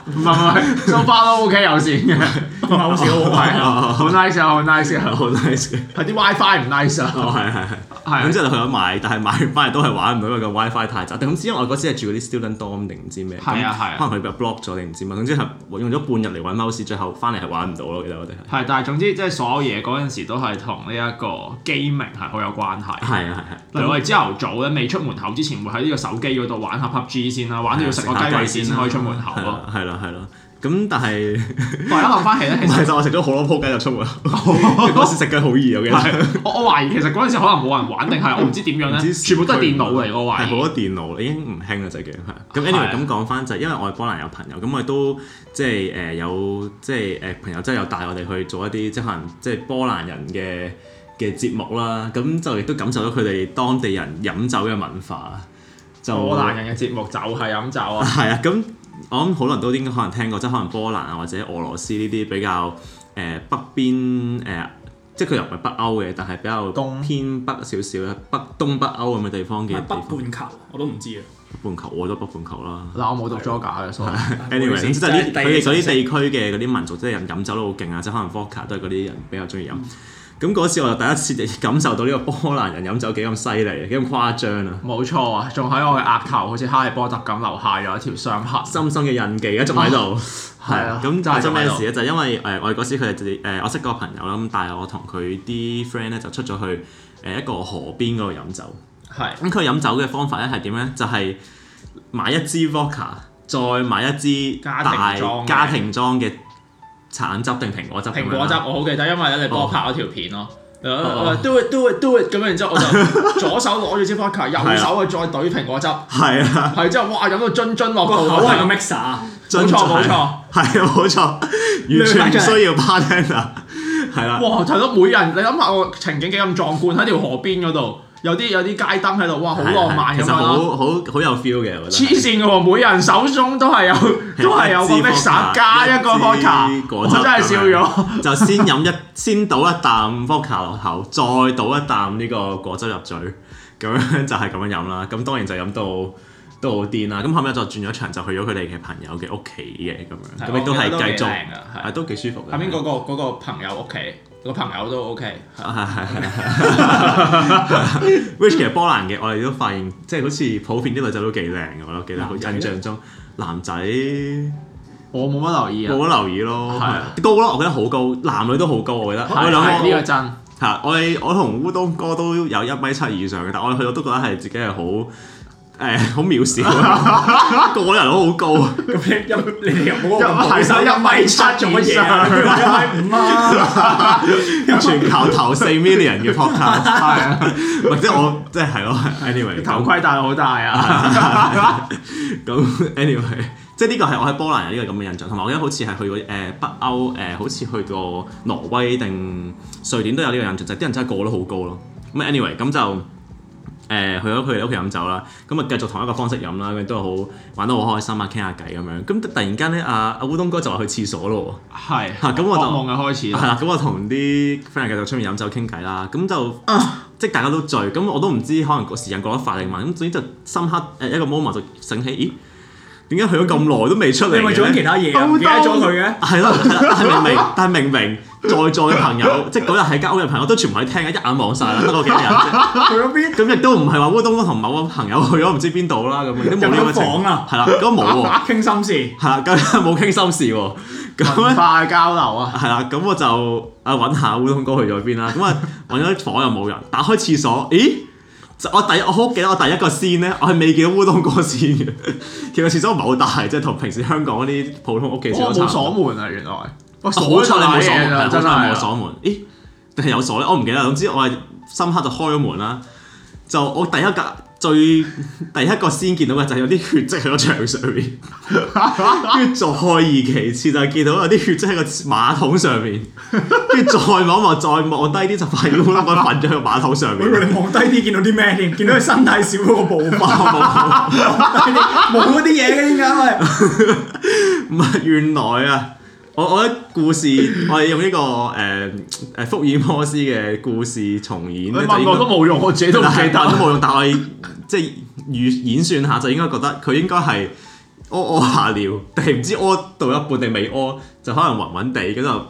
唔係唔係，so far 都 OK 有線嘅 mouse 好係好 nice 啊，好 nice 啊，好 nice！係啲 WiFi 唔 nice 啊，係啊係係。咁之後就去咗買，但係買翻嚟都係玩唔到，因為個 WiFi 太渣。但係咁，因為我嗰時係住嗰啲 student dorm 定唔知咩，啊，可能佢被 block 咗定唔知乜。總之係用咗半日嚟揾 mouse，最後翻嚟係玩唔到咯。其實我哋係係，但係 總之即係所有嘢嗰陣時都係同呢一個機名係好有關係。係啊係。對我哋朝頭早咧，未出門口之前會喺呢個手機嗰度玩下 PUBG 先啦，玩到食個雞胃先可以出門口咯。係啦，係啦。咁但係 是， 我而家諗翻起咧，其實我食咗好多鋪雞就出門。嗰 時食雞好易，我記得。我 我懷疑其實嗰陣時可能冇人玩，定係我唔知點樣咧。全部都係電腦嚟，我懷疑。係好多電腦已經唔興啦，就係咁。咁 Anyway 咁講翻就係，因為我哋波蘭有朋友，咁我哋都即係誒、呃、有即係誒、呃、朋友，真係有帶我哋去做一啲即係可能即係波蘭人嘅。嘅節目啦，咁就亦都感受到佢哋當地人飲酒嘅文化，就波蘭人嘅節目就係飲酒啊，係啊， 咁我諗好多人都應該可能聽過，即係可能波蘭啊或者俄羅斯呢啲比較誒、呃、北邊誒、呃，即係佢又唔係北歐嘅，但係比較東偏北少少，北東北歐咁嘅地方嘅東北半球我都唔知啊，北半球我都北半球啦，嗱、啊、我冇讀錯架嘅，對所以 anyway，總之佢哋啲地區嘅嗰啲民族即係人飲酒都好勁啊，即係可能伏特加都係嗰啲人比較中意飲、嗯。咁嗰次我就第一次感受到呢個波蘭人飲酒幾咁犀利，幾咁誇張啊！冇錯啊，仲喺我嘅額頭好似哈利波特咁留下咗一條傷痕，深深嘅印記，一直喺度。係啊，咁就係做咩事咧？就係因為誒、呃呃，我哋嗰時佢誒，我識個朋友啦。咁但係我同佢啲 friend 咧就出咗去誒一個河邊嗰度飲酒。係是。咁佢飲酒嘅方法咧係點咧？就係、是、買一支 Vodka，再買一支大，大家庭裝嘅。橙汁定蘋果汁？蘋果汁，我好記得，因為咧你幫我拍咗條片咯，do it，do it，do it！咁樣，然之後我就左手攞住支 vodka，右手去再兌蘋果汁，係啊，係之後哇飲到津津樂道，我係個 mixer 啊，冇錯冇錯，係冇錯，完全唔需要 partner，係啦，哇，睇到每人你諗下個情景幾咁壯觀喺條河邊嗰度。有啲有啲街燈喺度，哇！好浪漫咁樣，其實好好好有 feel 嘅，我覺得。黐線喎，每人手中都係有都係有個 mixer 加一個 coke，我真係笑咗。就先飲一先倒一啖 v o c a l 落口，再倒一啖呢個果汁入嘴，咁樣就係咁樣飲啦。咁當然就飲到都好癲啦。咁後尾就轉咗場，就去咗佢哋嘅朋友嘅屋企嘅咁樣，咁亦都係繼續，都幾舒服。後面嗰個嗰個朋友屋企。個朋友都 OK，係係係，which 其實波蘭嘅，我哋都發現即係、就是、好似普遍啲女仔都幾靚嘅，我記得其實，印象中男仔生我冇乜留意啊，冇乜留意咯，的高咯，我覺得好高，男女都好高，我覺得。的我諗係呢個真。嚇！我我同烏冬哥都有一米七以上嘅，但我哋去我都覺得係自己係好。誒好渺小，個人都好高。咁一一你又冇一米七做乜以上，一米五啊！全球頭四 million 嘅 podcast 啊，或者 我即係係咯。Anyway，頭盔戴得好大啊！咁、 嗯、，anyway，即係呢個係我喺波蘭人有呢個咁嘅印象，同埋我覺得好似係去過誒北歐，誒、呃、好似去過挪威定瑞典都有呢個印象，就啲、是、人真係個個都好高咯。咁 a n y、anyway, w a y 咁就。誒去咗佢哋屋企飲酒啦，咁啊繼續同一個方式飲啦，咁都係好玩得好開心啊，傾下偈咁樣。咁突然間咧，阿阿烏冬哥就話去廁所咯。係是，咁我就望佢開始。係啦，咁我同啲 friend 繼續出面飲酒傾偈啦。咁就即係大家都醉，咁、呃、我都唔知可能個時間過得快定慢。咁總之就深刻誒一個 moment 就醒起，咦？點解去咗咁耐都未出嚟？你做緊其他嘢？解咗佢嘅？係咯係咯， 但係明，明明。但在座嘅朋友， 即係嗰日喺家屋嘅朋友都全部喺廳一眼望晒啦，得我幾人啫？去咗邊？咁亦都唔係話烏冬哥同某個朋友去咗唔知邊度啦，咁亦都冇呢個情況啊。係啦，咁冇傾心事。係啦，冇傾心事喎。文化交流啊。係啦，咁我就啊揾下烏冬哥去咗邊啦。咁啊揾咗房又冇人，打開廁所，咦？我第一我好記得我第一個先咧，我係未見到烏冬哥先嘅。其 實廁所唔係好大，即係同平時香港嗰啲普通屋企廁所差唔多。冇鎖門啊，原來。鎖錯、哦、你冇鎖的門，真係冇鎖門。咦，定係有鎖咧？我唔記得。總之我係深刻就開咗門啦。就我第一格最第一個先見到嘅就係有啲血跡喺個牆上面，跟 住再而其次就係見到有啲血跡喺個馬桶上面。跟住再望望再望低啲就發現 我我瞓咗喺個馬桶上面。你望低啲見到啲咩添？見到佢身體少咗個部分，望低冇嗰啲嘢嘅，點解？唔係原來啊！我我覺得故事，我哋用呢、這個誒誒、呃、福爾摩斯嘅故事重演。你問我問過都冇用，我自己都唔記得都冇用，但係即係演演算下就應該覺得佢應該係屙屙下尿，定係唔知屙到一半定未屙，就可能暈暈地咁就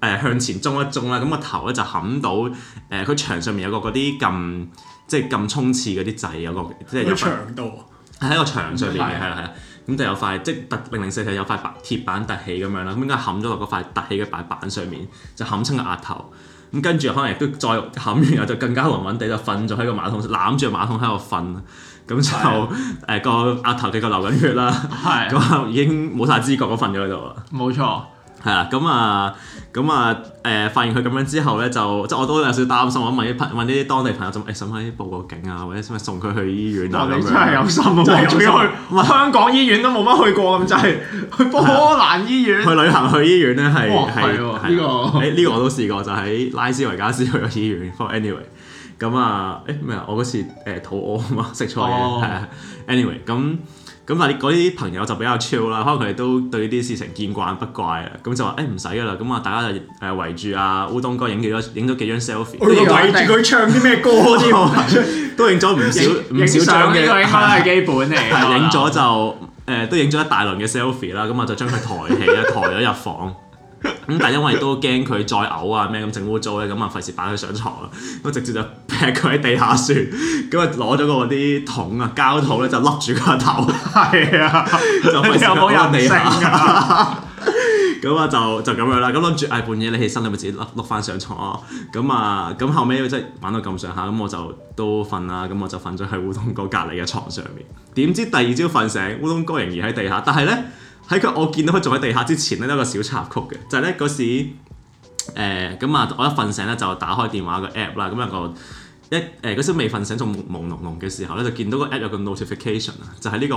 誒向前中一中啦。咁個頭咧就冚到誒佢、呃、牆上面有個嗰啲咁，即係咁沖廁嗰啲掣有個即係喺牆度，喺個牆上面嘅係啦係啦。咁就有塊即係凸零零四四，有塊白鐵板凸起咁樣啦，咁應該冚咗落嗰塊凸起嘅白板板上面，就冚親個額頭。咁跟住可能亦都再冚完穩穩，然後就更加暈暈地就瞓咗喺個馬桶，攬住馬桶喺度瞓。咁就誒個額頭嘅個流緊血啦，咁是、啊、 已經冇晒知覺，瞓咗喺度啦。冇錯。係啊，咁啊，咁啊，誒、呃呃、發現佢咁樣之後咧，就即係我都有少擔心，我問啲朋問啲當地朋友就，誒使唔使報個警啊，或者使唔使送佢去醫院啊？你真係有心啊！真係仲、啊、要去，香港醫院都冇乜去過咁，就係、是、去波蘭醫院去旅行去醫院咧係係係呢個誒呢、呢個我都試過，就喺、是、拉斯維加斯去咗醫院。不過 anyway，咁啊誒咩啊？我嗰次誒肚屙啊嘛，食錯嘢係啊。anyway，咁 Any。咁但嗰啲朋友就比較超啦，可能佢哋都對呢啲事情見慣不怪啦，咁就話誒唔使噶啦，咁、欸、啊大家就誒圍住阿烏冬哥影幾多影咗幾張 selfie。圍住佢唱啲咩歌先喎？ 都影咗唔少唔少張嘅，係基本嚟。影咗對就誒都影咗一大輪嘅 selfie 啦，咁啊就將佢抬起 抬咗入房。咁但係因為都驚佢再嘔啊咩咁整污糟咧，咁啊費事擺佢上床啦，咁直接就劈佢喺地下算，咁啊攞咗個啲桶啊膠桶咧就笠住個頭，係 啊，就費事佢喺地下，咁啊 就就咁樣啦，咁諗住誒半夜你起身你咪自己笠笠翻上床。咁啊咁後尾，即係玩到咁上下，咁我就都瞓啦，咁我就瞓咗喺烏冬哥隔離嘅床上面，點知第二朝瞓醒烏冬哥仍然喺地下，但係咧。喺佢 我見到佢坐喺地下之前咧，一個小插曲嘅，就咧、是、嗰時咁啊，呃、我一瞓醒咧就打開電話個 app 啦、嗯，咁啊個一誒嗰時未瞓醒仲朦朦朧朧嘅時候咧，就見到個 app 有個 notification、這個呃、6，啊，就係呢個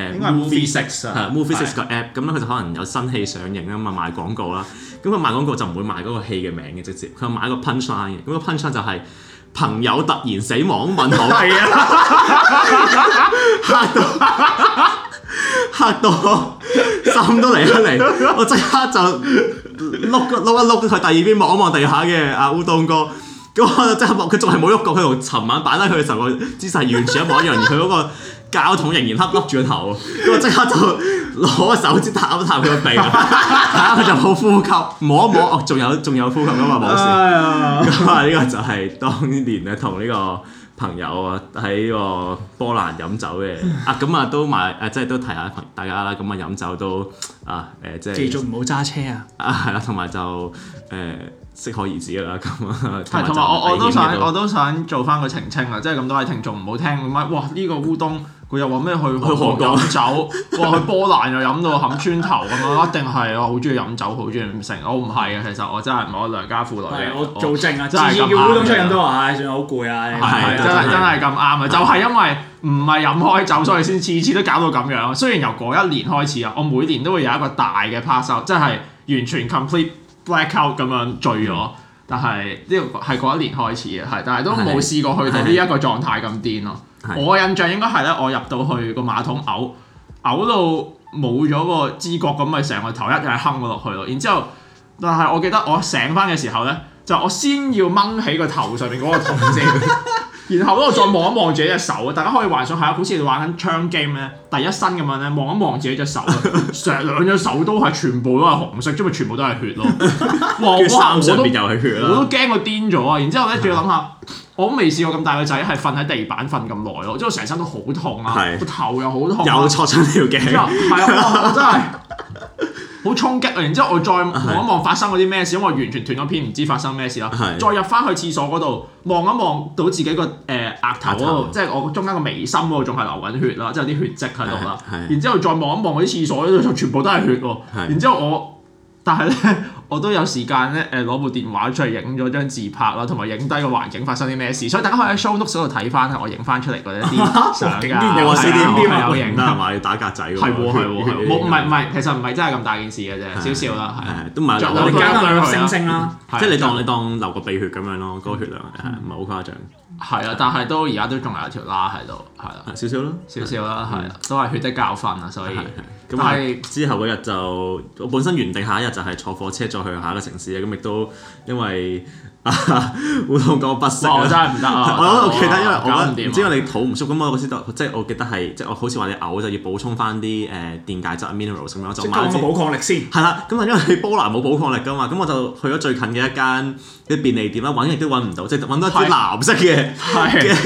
誒 movie six m o v i e six 個 app，咁咧佢就可能有新戲上映啊嘛賣廣告啦，咁、嗯、佢賣廣告就唔會賣嗰個戲嘅名嘅直接，佢賣一個 punchline 嘅、就是，咁個 punchline 就係朋友突然死亡問號。吓到我心都離一離，我即刻就碌碌一碌去第二邊望一望地下嘅阿烏冬哥，咁我就即刻望佢仲係冇喐過，佢同尋晚擺低佢嘅時候個姿勢完全一模一樣，而佢嗰個膠桶仍然黑笠住個頭，咁我即刻就攞手指探一探佢個鼻，吓佢就冇呼吸，摸一摸哦，仲有仲有呼吸噶嘛冇事，咁啊呢個就係當年咧同呢個。朋友啊，喺個波蘭飲酒嘅 啊，咁啊都埋，誒即係都提下大家啦，咁啊飲酒都啊誒即係繼續唔好揸車啊，啊係啦，同埋就誒、呃、適可而止啦，咁啊同埋我我都想都我都想做翻個澄清啊，即係咁多位聽眾唔好聽咁，啊哇呢個烏冬。 佢又話咩？去去韓國飲酒？ 哇！去波蘭又飲到冚穿頭咁樣，一定係我好中意飲酒，好中意唔成我唔係啊，其實我真係唔係我良家婦女嚟嘅。我做證啊！的的次次叫烏冬出嚟飲都話唉，算好攰啊！係真係真係咁啱啊！就係因為唔係飲開酒，所以先次次都搞到咁樣。雖然由嗰一年開始啊，我每年都會有一個大嘅 pass out，即係完全 complete blackout 咁樣醉咗。嗯、但係呢個係嗰一年開始嘅，係但係都冇試過去到呢一個狀態咁癲咯。嗯嗯。是我印象應該係咧，我入到去個馬桶嘔，嘔到冇咗個知覺咁，咪成個頭一係坑咗落去咯。然之後，但係我記得我醒翻嘅時候咧，就我先要掹起個頭上面嗰個痛先， 然後咧我再望一望自己隻手。大家可以幻想下，好似玩緊槍 game 咧，第一身咁樣咧，望一望自己隻手，成兩隻手都係全部都係紅色，即係全部都係血咯。頭 哇手上邊又係血啦。我都驚我癲咗啊！然之後咧，仲要諗下。 我都未試過咁大個仔係瞓喺地板瞓咁耐咯，即係我成身都好痛啊，個頭又好痛，又的錯親條頸，係啊， 我真係好衝擊啊！然之後我再望一望發生過啲咩事，因為是的 我完全斷咗片，唔知發生咩事啦。是的 再入翻去廁所嗰度望一望到自己個誒額頭，即係額頭 我中間個眉心嗰度仲係流緊血啦，即係有啲血跡喺度啦。是的是的然之後再望一望嗰啲廁所度，全部都係血喎。是的 然之後我但係咧。我都有時間咧，誒攞部電話出嚟影咗張自拍啦，同埋影低個環境發生啲咩事，所以大家可以喺 show notes 度睇翻啦，我影翻出嚟嗰啲相㗎。你話四 D D 咪有影，有人話要打格仔㗎。係喎係喎，我唔係唔係，其實唔係真係咁大件事㗎啫，少少啦，係。都唔係，我哋加兩星星啦，即係你當你當流個鼻血咁樣咯，嗰個血量係唔係好誇張？係啊，但係都而家都仲有條啦，喺度，係啦，少少啦，少少啦，係，都係血的教訓啊，所以，但係之後嗰日就，我本身原定下一日就係坐火車再去下一個城市嘅，咁亦都因為。 我不我啊！烏冬個不適、啊、我真係唔得啊！我記得，因為我唔知因為你肚唔舒咁，我先即係我記得係即係我好似話你嘔就要補充翻啲誒電解質 minerals 咁樣，就加個寶礦力先。係啦，咁啊，因為你波蘭冇寶礦力㗎嘛，咁我就去咗最近嘅一間啲便利店啦，揾亦都揾唔到，即係揾到啲藍色嘅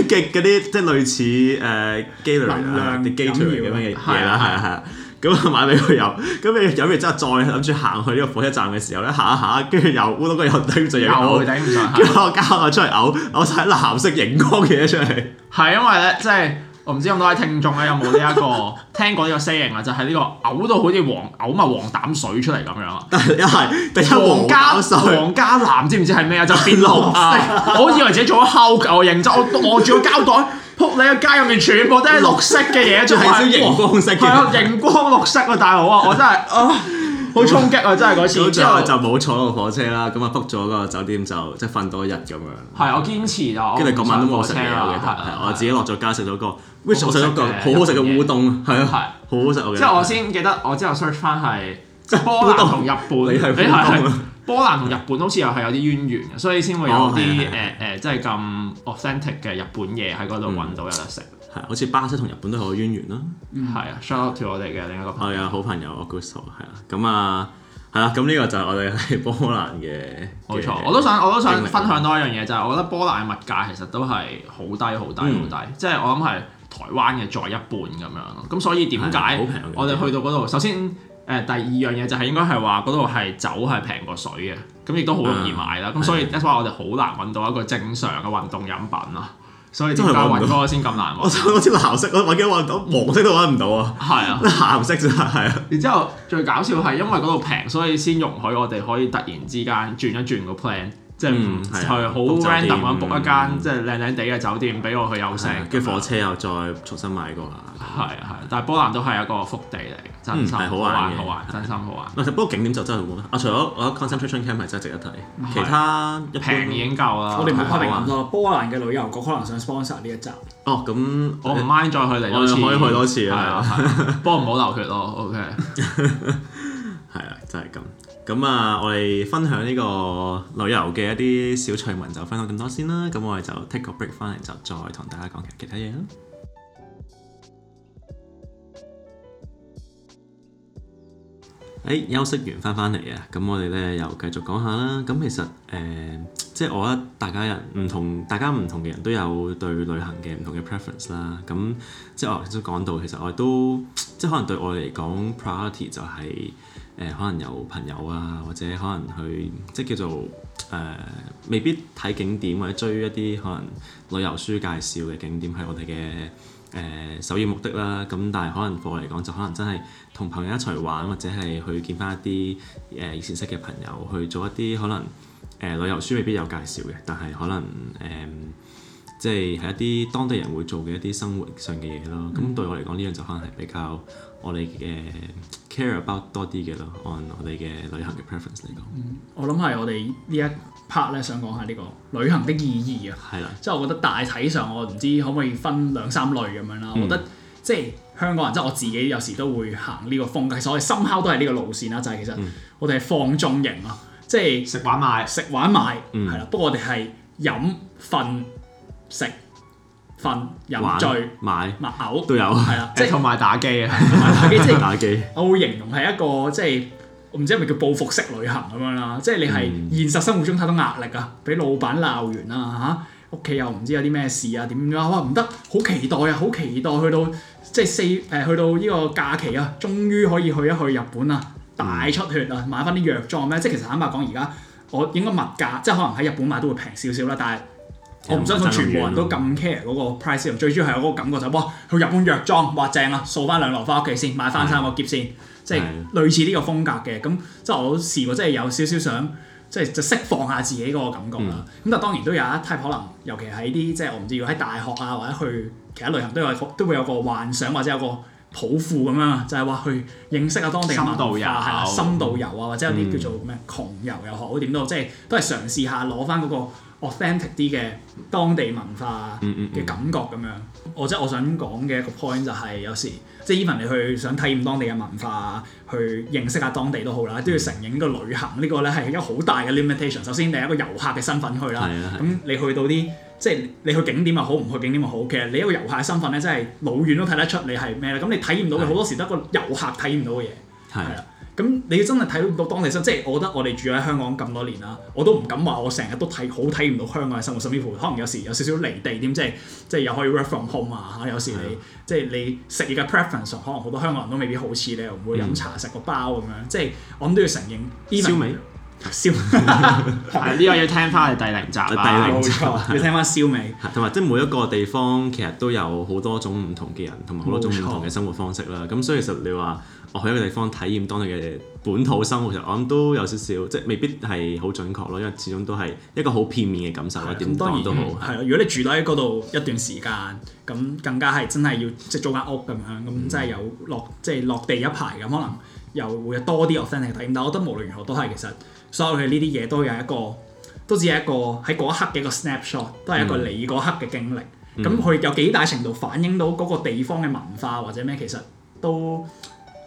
極嗰啲即係類似誒、呃、能量、啲咁樣嘅嘢啦，係啊，係啊。咁買俾佢飲，咁你飲完之後再諗住行去呢個火車站嘅時候咧，行下行下，跟住又烏冬哥又頂唔順，跟住 我交個出嚟嘔，嘔晒藍色熒光嘅嘢出嚟，係因為咧即係。就是。唔知咁多位聽眾咧有冇呢一個聽過呢個聲型啊？就係、是、呢個嘔到好似黃嘔埋黃膽水出嚟咁樣啊！一係黃膠水、黃加藍，知唔知係咩啊？就變綠色。 我以為自己做咗 Hulk，就我望住個膠袋，撲你個街入面全部都係綠色嘅嘢，仲係啲熒光色嘅，熒 光綠色啊，大佬啊，我真係啊！ 好衝擊啊！真係嗰次，之後就冇坐過火車啦。咁啊，book 咗個酒店就即係瞓多一日咁樣。係，我堅持啊。跟住嗰晚都冇食嘢，我記得。係，我自己落咗家食咗個，我食咗個好好食嘅烏冬，係啊，好好食嘅。即係我先記得，我之後 search 翻係，即係波蘭同日本，你係波蘭同日本好似又係有啲淵源嘅，所以先會有啲誒誒，即係咁 authentic 嘅日本嘢喺嗰度揾到有得食。係，好似巴西同日本都有個淵源啦。係啊，shout out to 我哋嘅另一個朋友、哦、好朋友 Augusto 係啊。咁啊，係啦，咁呢個就係我哋係波蘭嘅。冇錯，我都想我都想分享多一樣嘢，就係、是、我覺得波蘭嘅物價其實都係好低好低好、嗯、低，即係我諗係台灣嘅再一半咁樣。咁所以點解好平？我哋去到嗰度，首先誒、呃，第二樣嘢就係應該係話嗰度係酒係平過水嘅，咁亦都好容易買啦。咁、嗯、所以 that’s why、嗯、我哋好難揾到一個正常嘅運動飲品啦。所以先揾到黃色，先咁難揾。我我先藍色，我已經揾到黃色都揾唔到啊！係、嗯、啊，藍色咋？係啊。然之後最搞笑係，因為嗰度平，所以先容許我哋可以突然之間轉一轉個 plan。即係嗯係好 random 咁 book 一間即係靚靚地嘅酒店俾我去休息，跟住火車又再重新買過啦。係啊係，但係波蘭都係一個福地嚟，真心好玩好玩，真心好玩。不過景點就真係好啊！啊，除咗我覺得 concentration camp 係真係值得睇，其他平已經夠啦。我哋唔好跨明咁多。波蘭嘅旅遊局可能想 sponsor 呢一集。哦咁，我唔 mind 再去嚟，我哋可以去多次啦。幫唔好留缺咯，OK。係啊，真係咁。咁啊，我哋分享呢個旅遊嘅一啲小趣聞，就分享咁多先啦。咁我哋就 take a break，翻嚟就再同大家講其他嘢啦。誒、哎，休息完翻翻嚟啊！咁我哋咧又繼續講下啦。咁其實誒、呃，即係我覺得大家人唔同，大家唔同嘅人都有對旅行嘅唔同嘅 preference 啦。咁即係我頭先講到，其實我都即係可能對我嚟講 priority 就係、是。誒、呃、可能有朋友啊，或者可能去即係叫做誒、呃，未必睇景點，或者追一啲可能旅遊書介紹嘅景點，係我哋嘅誒首要目的啦。咁但係可能我嚟講，就可能真係同朋友一齊玩，或者係去見翻一啲誒以前識嘅朋友，去做一啲可能誒、呃、旅遊書未必有介紹嘅，但係可能誒即係，係、呃就是、一啲當地人會做嘅一啲生活上嘅嘢咯。咁對我嚟講，呢樣就可能係比較我哋嘅。Care about 多啲嘅咯，按我哋嘅旅行嘅 preference 嚟講，嗯，我諗係我哋呢一 part 咧，想講下呢個旅行嘅意義啊。係啦的，即係我覺得大體上，我唔知可唔可以分兩三類咁樣啦、啊。嗯、我覺得即係、就是、香港人，即係我自己有時都會行呢個風格，所謂深烤都係呢個路線啦、啊。就係、是、其實我哋係放縱型啊，即係食玩買，食玩買係啦，嗯。不過我哋係飲、瞓、食。瞓、飲醉、買物、買嘔都有，係啦對，即係同埋打機啊，打機，即係、 就是、打機。我會形容係一個即係、就是，我唔知係咪叫報復式旅行咁樣啦，即、就、係、是、你係現實生活中太多壓力啊，俾老闆鬧完啦、啊、嚇，屋、啊、企又唔知有啲咩事啊點樣、啊，哇唔得，好期待啊，好期待去到即係、就是、四誒、呃、去到呢個假期啊，終於可以去一去日本啊，大出血啊，買翻啲藥妝咩、啊？即係、嗯、其實坦白講，而家我應該物價即係、就是、可能喺日本買都會平少少啦，但係，我唔相信全部人都咁 care 嗰個 price 最主要係有嗰個感覺就係、是、哇，去日本藥妝哇正啊，掃翻兩攞翻屋企先，買翻三個夾先，的即係類似呢個風格嘅。咁的即係我試過，即係有少少想，即係就釋放下自己嗰個感覺啦。咁、嗯、但係當然都有一 type 可能。尤其係啲即係我唔知，要喺大學啊，或者去其他旅行都有，都會有個幻想或者有個抱負咁樣，就係、是、話去認識下當地文化，係啊，深度遊啊，或者有啲叫做咩窮遊又學好點都即係都係嘗試下攞翻嗰個。authentic 啲嘅當地文化嘅感覺咁樣，我即係我想講嘅一個 point 就係、是、有時即係 even 你去想體驗當地嘅文化，去認識下當地都好啦，都要承認呢個旅行呢、呢個咧係一個好大嘅 limitation。首先你係一個遊客嘅身份去啦，咁、嗯嗯、你去到啲即係你去景點又好，唔去景點又好，其實你一個遊客嘅身份咧，真係老遠都睇得出你係咩啦。咁你體驗到嘅好的多時都係個遊客體驗到嘅嘢。的咁你真係睇唔到當地生活，即係我覺得我哋住喺香港咁多年啦，我都唔敢話我成日都睇好睇唔到香港嘅生活，甚至乎可能有時有少少離地添，即係即係又可以 work from home 啊嚇，有時你的即係你食嘢嘅 preference，可能好多香港人都未必好似你又，又唔會飲茶食個包咁樣，即係我諗都要承認，美燒，呢個要聽翻係第零集，第零集，對要聽翻燒味。同埋即係每一個地方其實都有好多種唔同嘅人，同埋好多種唔同嘅生活方式啦。咁錯所以其實你話我去一個地方體驗當地嘅本土生活，其實我諗都有少少，即係未必係好準確咯。因為始終都係一個好片面嘅感受，點講都好。係咯，如果你住喺嗰度一段時間，咁更加係真係要即係租間屋咁樣，咁真係有落即係落地一排咁，可能又會有多啲 authentic 嘅體驗。但係我覺得無論如何都係其實。所有嘅呢啲嘢都有一個，都只係一個喺嗰一刻嘅一個 snapshot，都係一個你嗰刻嘅經歷。咁佢、嗯、有幾大程度反映到嗰個地方嘅文化或者咩？其實都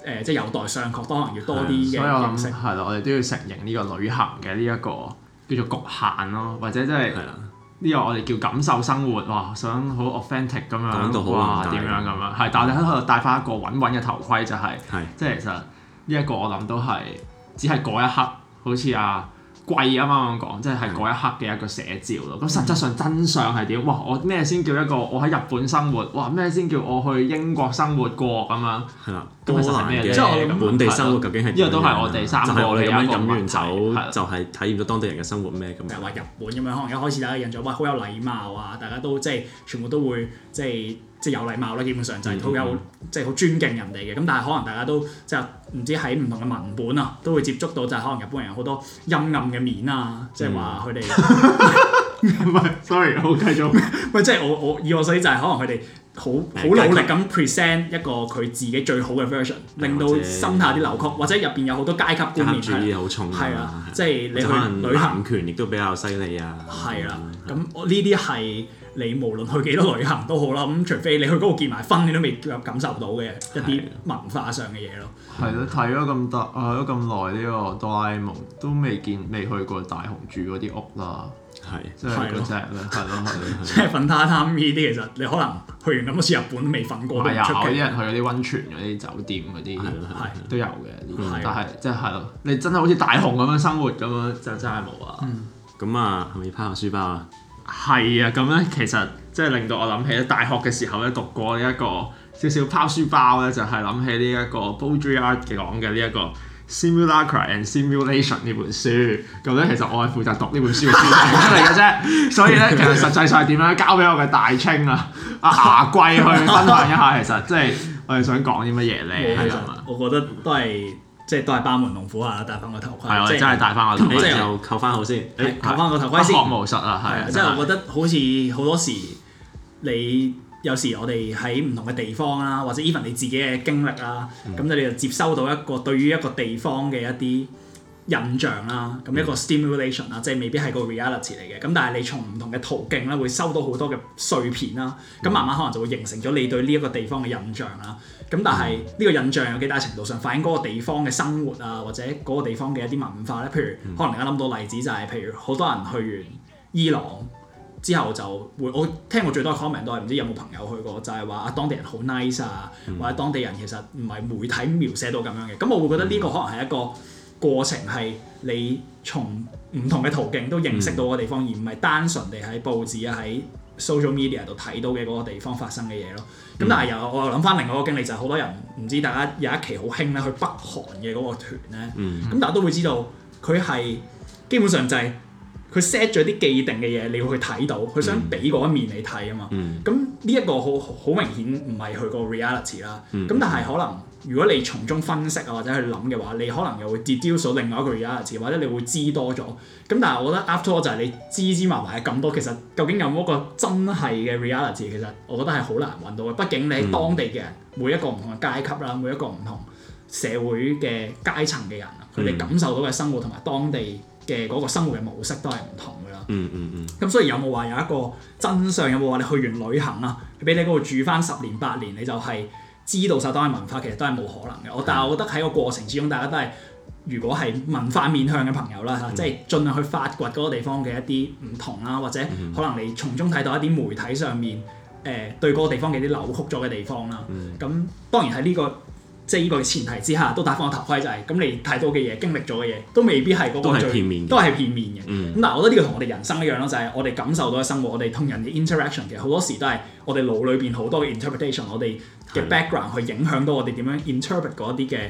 誒、呃，即係有待商榷，當然要多啲嘅認識係啦。我哋都要承認呢個旅行嘅呢一個叫做局限咯，或者即係呢個我哋叫感受生活哇，想好 authentic 咁樣哇點解樣咁樣係、嗯，但係你喺度戴翻一個穩穩嘅頭盔就係、是、係的即係其實呢一個我諗都係只係嗰一刻。好似啊貴啊，啱啱講，即係嗰一刻嘅一個寫照咯。咁、嗯、實質上真相係點？哇！我咩先叫一個？我喺日本生活，哇！咩先叫我去英國生活過咁樣？嗯咁好難咩？即係、就是嗯、本地生活究竟係點樣？因為都係我哋三就係我哋咁樣飲完酒就係體驗咗當地人嘅生活咩？咁樣。話日本咁樣，可能一開始大家印象哇，好有禮貌啊！大家都即係全部都會即係即係有禮貌啦。基本上就係好有即係好尊敬人哋嘅。咁但係可能大家都即係唔知喺唔同嘅文本啊，都會接觸到就係、是、可能日本人有好多陰暗嘅面啊，即係話佢哋。唔係，sorry，好繼續。喂， 即、就、係、是、我我，我以我所知就係可能佢哋。好好努力咁 present 一個佢自己最好嘅 version，令到心態啲扭曲，或者入邊有好多階級觀念。住嘢好重。係啊，即係你去旅行權亦都比較犀利啊。係啊，咁呢啲係你無論去幾多旅行都好啦，咁除非你去嗰度結埋婚，你都未感受到嘅一啲文化上嘅嘢咯。係咯，睇咗咁大啊，咁耐呢個哆啦 A 夢都未見未去過大雄住嗰啲屋啦。係，即係只咧，係咯係咯，即係瞓榻榻米啲其實你可能去完咁多次日本都未瞓過呦。係啊，啲 人去嗰啲溫泉嗰啲 酒店嗰啲係都有嘅，的但係即係係咯，你真係好似大雄咁樣生活咁樣就真係冇啊。咁、嗯、啊，係咪要拋下書包 啊？係啊，咁咧其實即係令到我諗起咧，大學嘅時候咧讀過一、這個少少拋書包咧，就係諗起呢一個 Baudrillard 講嘅呢一個。Simulacra and Simulation 呢本書，咁咧其實我係負責讀呢本書出嚟嘅啫，所以咧其實實際上係點咧？交俾我嘅大清啊，阿霞貴去分享一下，其實即係我哋想講啲乜嘢咧。 吧我覺得都係即係都係班門弄斧啊！戴翻個頭盔，對我啊，真係戴翻個頭盔就、嗯欸、扣翻好先，欸、扣翻個頭盔先。不學對無術啊，即係對吧我覺得好似好多時你。有時我哋喺唔同嘅地方啦，或者 even 你自己嘅經歷啦，咁、嗯、你就接收到一個對於一個地方嘅一啲印象啦，咁、嗯、一個 stimulation 啦，即係未必係個 reality 嚟嘅。咁但係你從唔同嘅途徑咧，會收到好多嘅碎片啦，咁、嗯、慢慢可能就會形成咗你對呢一個地方嘅印象啦。咁但係呢個印象有幾大程度上反映嗰個地方嘅生活啊，或者嗰個地方嘅一啲文化咧？譬如、嗯、可能而家諗到例子就係、是，譬如好多人去完伊朗。之後就會我聽過最多 comment 都係唔知有冇朋友去過，就係話啊當地人好 nice 啊、嗯，或者當地人其實唔係媒體描寫到咁樣嘅。咁、嗯、我會覺得呢個可能係一個過程，係你從唔同嘅途徑都認識到個地方，嗯、而唔係單純地喺報紙啊、喺 social media 度睇到嘅嗰個地方發生嘅嘢咯。咁、嗯、但係又我又諗翻另外一個經歷，就係、是、好多人唔知大家有一期好興咧去北韓嘅嗰個團咧，咁大家都會知道佢係基本上就係、是。佢 set 咗啲既定嘅嘢，你要去睇到，佢想俾嗰一面你睇啊嘛。咁呢一個好好明顯唔係佢個 reality 啦、嗯。咁但係可能如果你從中分析或者去諗嘅話，你可能又會 deduce 到另外一個 reality，或者你會知多咗。咁但係我覺得 after all 就係你知知埋埋咁多，其實究竟有冇一個真係嘅 reality？其實我覺得係好難揾到嘅。畢竟你喺當地嘅人、嗯、每一個唔同嘅階級啦，每一個唔同社會嘅階層嘅人，佢哋、嗯、感受到嘅生活同埋當地，嘅嗰個生活嘅模式都係唔同噶啦、嗯，嗯嗯嗯，咁所以有冇話有，有一個真相？有冇話你去完旅行啦，俾你嗰度住翻十年八年，你就係知道晒，當地文化，其實都係冇可能嘅。我、嗯、但係我覺得喺個過程之中，大家都係如果係文化面向嘅朋友啦嚇，即係盡量去發掘嗰個地方嘅一啲唔同啦，或者可能你從中睇到一啲媒體上面誒、呃、對嗰個地方嘅啲扭曲咗嘅地方啦。咁、嗯、當然喺呢、這個。即係呢個前提之下，都戴翻個頭盔就係、是、咁。你太多嘅嘢，經歷咗嘅嘢，都未必係嗰個最都係片面嘅。面嗯。咁但係，我覺得呢個同我哋人生一樣咯，就係、是、我哋感受到嘅生活，我哋同人嘅 interaction 其實好多時都係我哋腦裏邊好多嘅 interpretation，我哋嘅 background 去影響到我哋點樣 interpret 嗰啲嘅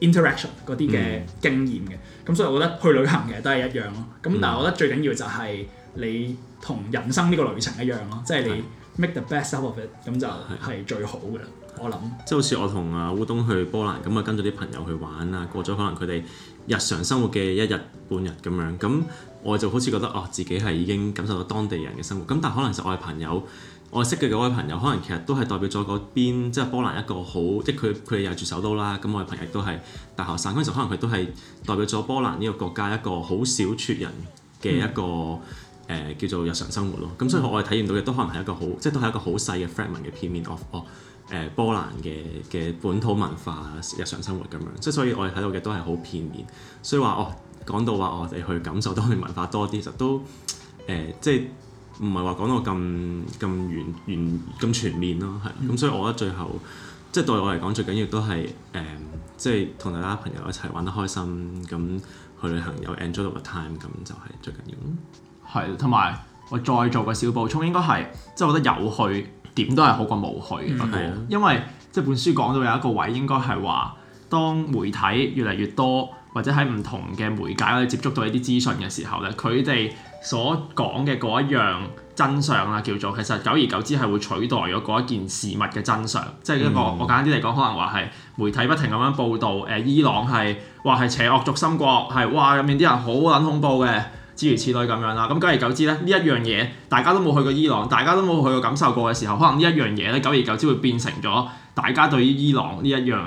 interaction 嗰啲嘅經驗嘅。咁、嗯、所以我覺得去旅行嘅都係一樣咯。咁、嗯、但係我覺得最緊要就係你同人生呢個旅程一樣咯，即、就、係、是、你 make the best of it，咁就係最好嘅。我諗即係好似我同阿烏冬去波蘭咁啊，就跟咗啲朋友去玩啊。過咗可能佢哋日常生活嘅一日半日咁樣咁，我就好似覺得哦，自己係已經感受到當地人嘅生活。咁但係可能就我嘅朋友，我係識嘅嗰位朋友，可能其實都係代表咗嗰邊即係、就是、波蘭一個好即係佢佢哋又係住首都啦。咁我嘅朋友都係大學生嗰陣時，可能佢都係代表咗波蘭呢個國家一個好少撮人嘅一個誒、嗯呃、叫做日常生活咯。咁所以我哋體驗到嘅都可能係一個好即係都係一個好細嘅 fragment 嘅片面 of。誒、呃、波蘭嘅嘅本土文化日常生活咁樣，即係所以我哋睇到嘅都係好片面，所以話哦，講到話我哋去感受當地文化多啲，其實都誒、呃，即係唔係話講到咁咁完完咁全面咯，係咁，所以我覺得最後即係對我嚟講最緊要都係誒，即係同大家朋友一齊玩得開心，咁去旅行有 enjoy 到個 time，咁就係最緊要。係，同埋我再做個小補充，應該係即我覺得有去。點都係好過冇去嘅，不過因為即係本書講到有一個位，應該係話當媒體越嚟越多，或者喺唔同嘅媒介去接觸到呢啲資訊嘅時候咧，佢哋所講嘅嗰一樣真相啦，叫做其實久而久之係會取代咗嗰一件事物嘅真相，即係一個我簡單啲嚟講，可能話係媒體不停咁樣報導，誒伊朗係話係邪惡軸心國，係哇入面啲人好撚恐怖嘅。諸如此類咁樣啦，咁久而久之咧，呢一樣嘢大家都冇去過伊朗，大家都冇去過感受過嘅時候，可能呢一樣嘢咧，久而久之會變成咗大家對於伊朗呢一樣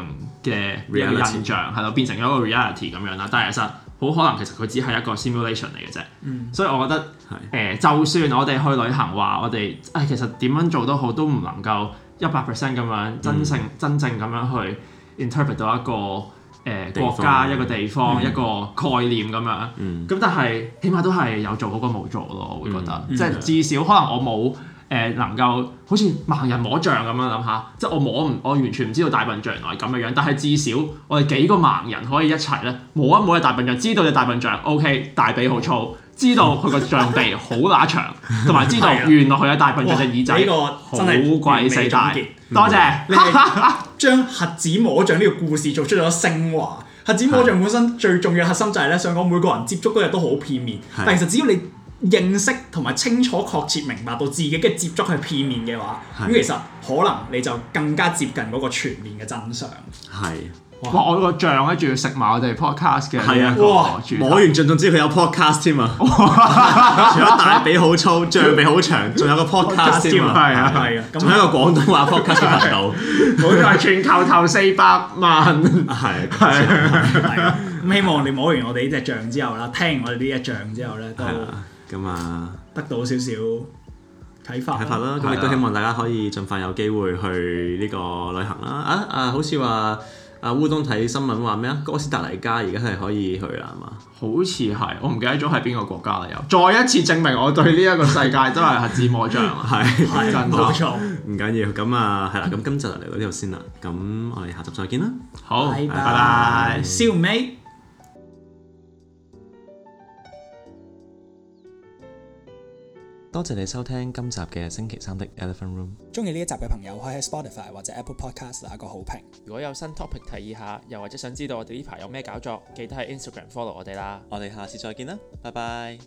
嘅印象，係咯，變成咗一個 reality 咁樣啦。但係其實好可能其實佢只係一個 simulation 嚟嘅啫。嗯、所以我覺得誒的、呃，就算我哋去旅行，話我哋誒其實點樣做都好，都唔能夠一百 percent 咁樣真正、嗯、真正咁樣去 interpret 到一個誒國家、一個地方、一個概念咁樣，咁但係起碼都係有做好冇做咯，我會覺得，即係至少可能我冇誒能夠好似盲人摸象咁樣諗下。即係我摸唔，我完全唔知道大笨象原來係咁嘅樣。但係至少我哋幾個盲人可以一齊咧，摸一摸隻大笨象，知道隻大笨象，OK，大髀好粗，知道佢個象鼻好乸長，同埋知道原來佢嘅大笨象隻耳仔好鬼死大，多謝。將瞎子摸象呢個故事做出咗昇華。瞎子摸象本身最重要嘅核心就係、是、咧，想講是每個人接觸嗰日都好片面，是但其實只要你認識同埋清楚確切明白到自己嘅接觸係片面嘅話，咁是其實可能你就更加接近嗰個全面嘅真相。係。哇！我，我、我個象咧仲要食埋我哋 podcast 嘅，係啊！哇摸完象仲知佢有 podcast 添啊！除咗哇 大髀好粗，象鼻好長，仲有個 podcast 添啊！係啊！咁仲有一個廣東話 podcast 頻道，好在、啊嗯、 全球投四百萬。係係係。咁、嗯 嗯、希望你摸完我哋呢隻象之後啦，聽完我哋呢隻象之後咧，都咁啊，得到少少啟發啟發啦。咁亦都希望大家可以盡快有機會去呢個旅行啦。啊啊！好似話～啊，烏冬睇新聞話咩啊，哥斯達黎加而家係可以去啦，係嘛？好似係，我唔記得咗係邊個國家啦又。再一次證明我對呢一個世界都 係瞎子摸象，係冇錯。唔緊要，咁啊係啦，咁今集就嚟到呢度先啦，咁我哋下集再見啦。好，拜拜，see you，mate Bye bye, bye 多謝你收聽今集嘅星期三的 Elephant Room。中意呢一集嘅朋友可以喺 Spotify 或者 Apple Podcast 打個好評。如果有新 topic 提議下，又或者想知道我哋呢排有咩搞作，記得喺 Instagram follow 我哋啦。我哋下次再見啦，拜拜。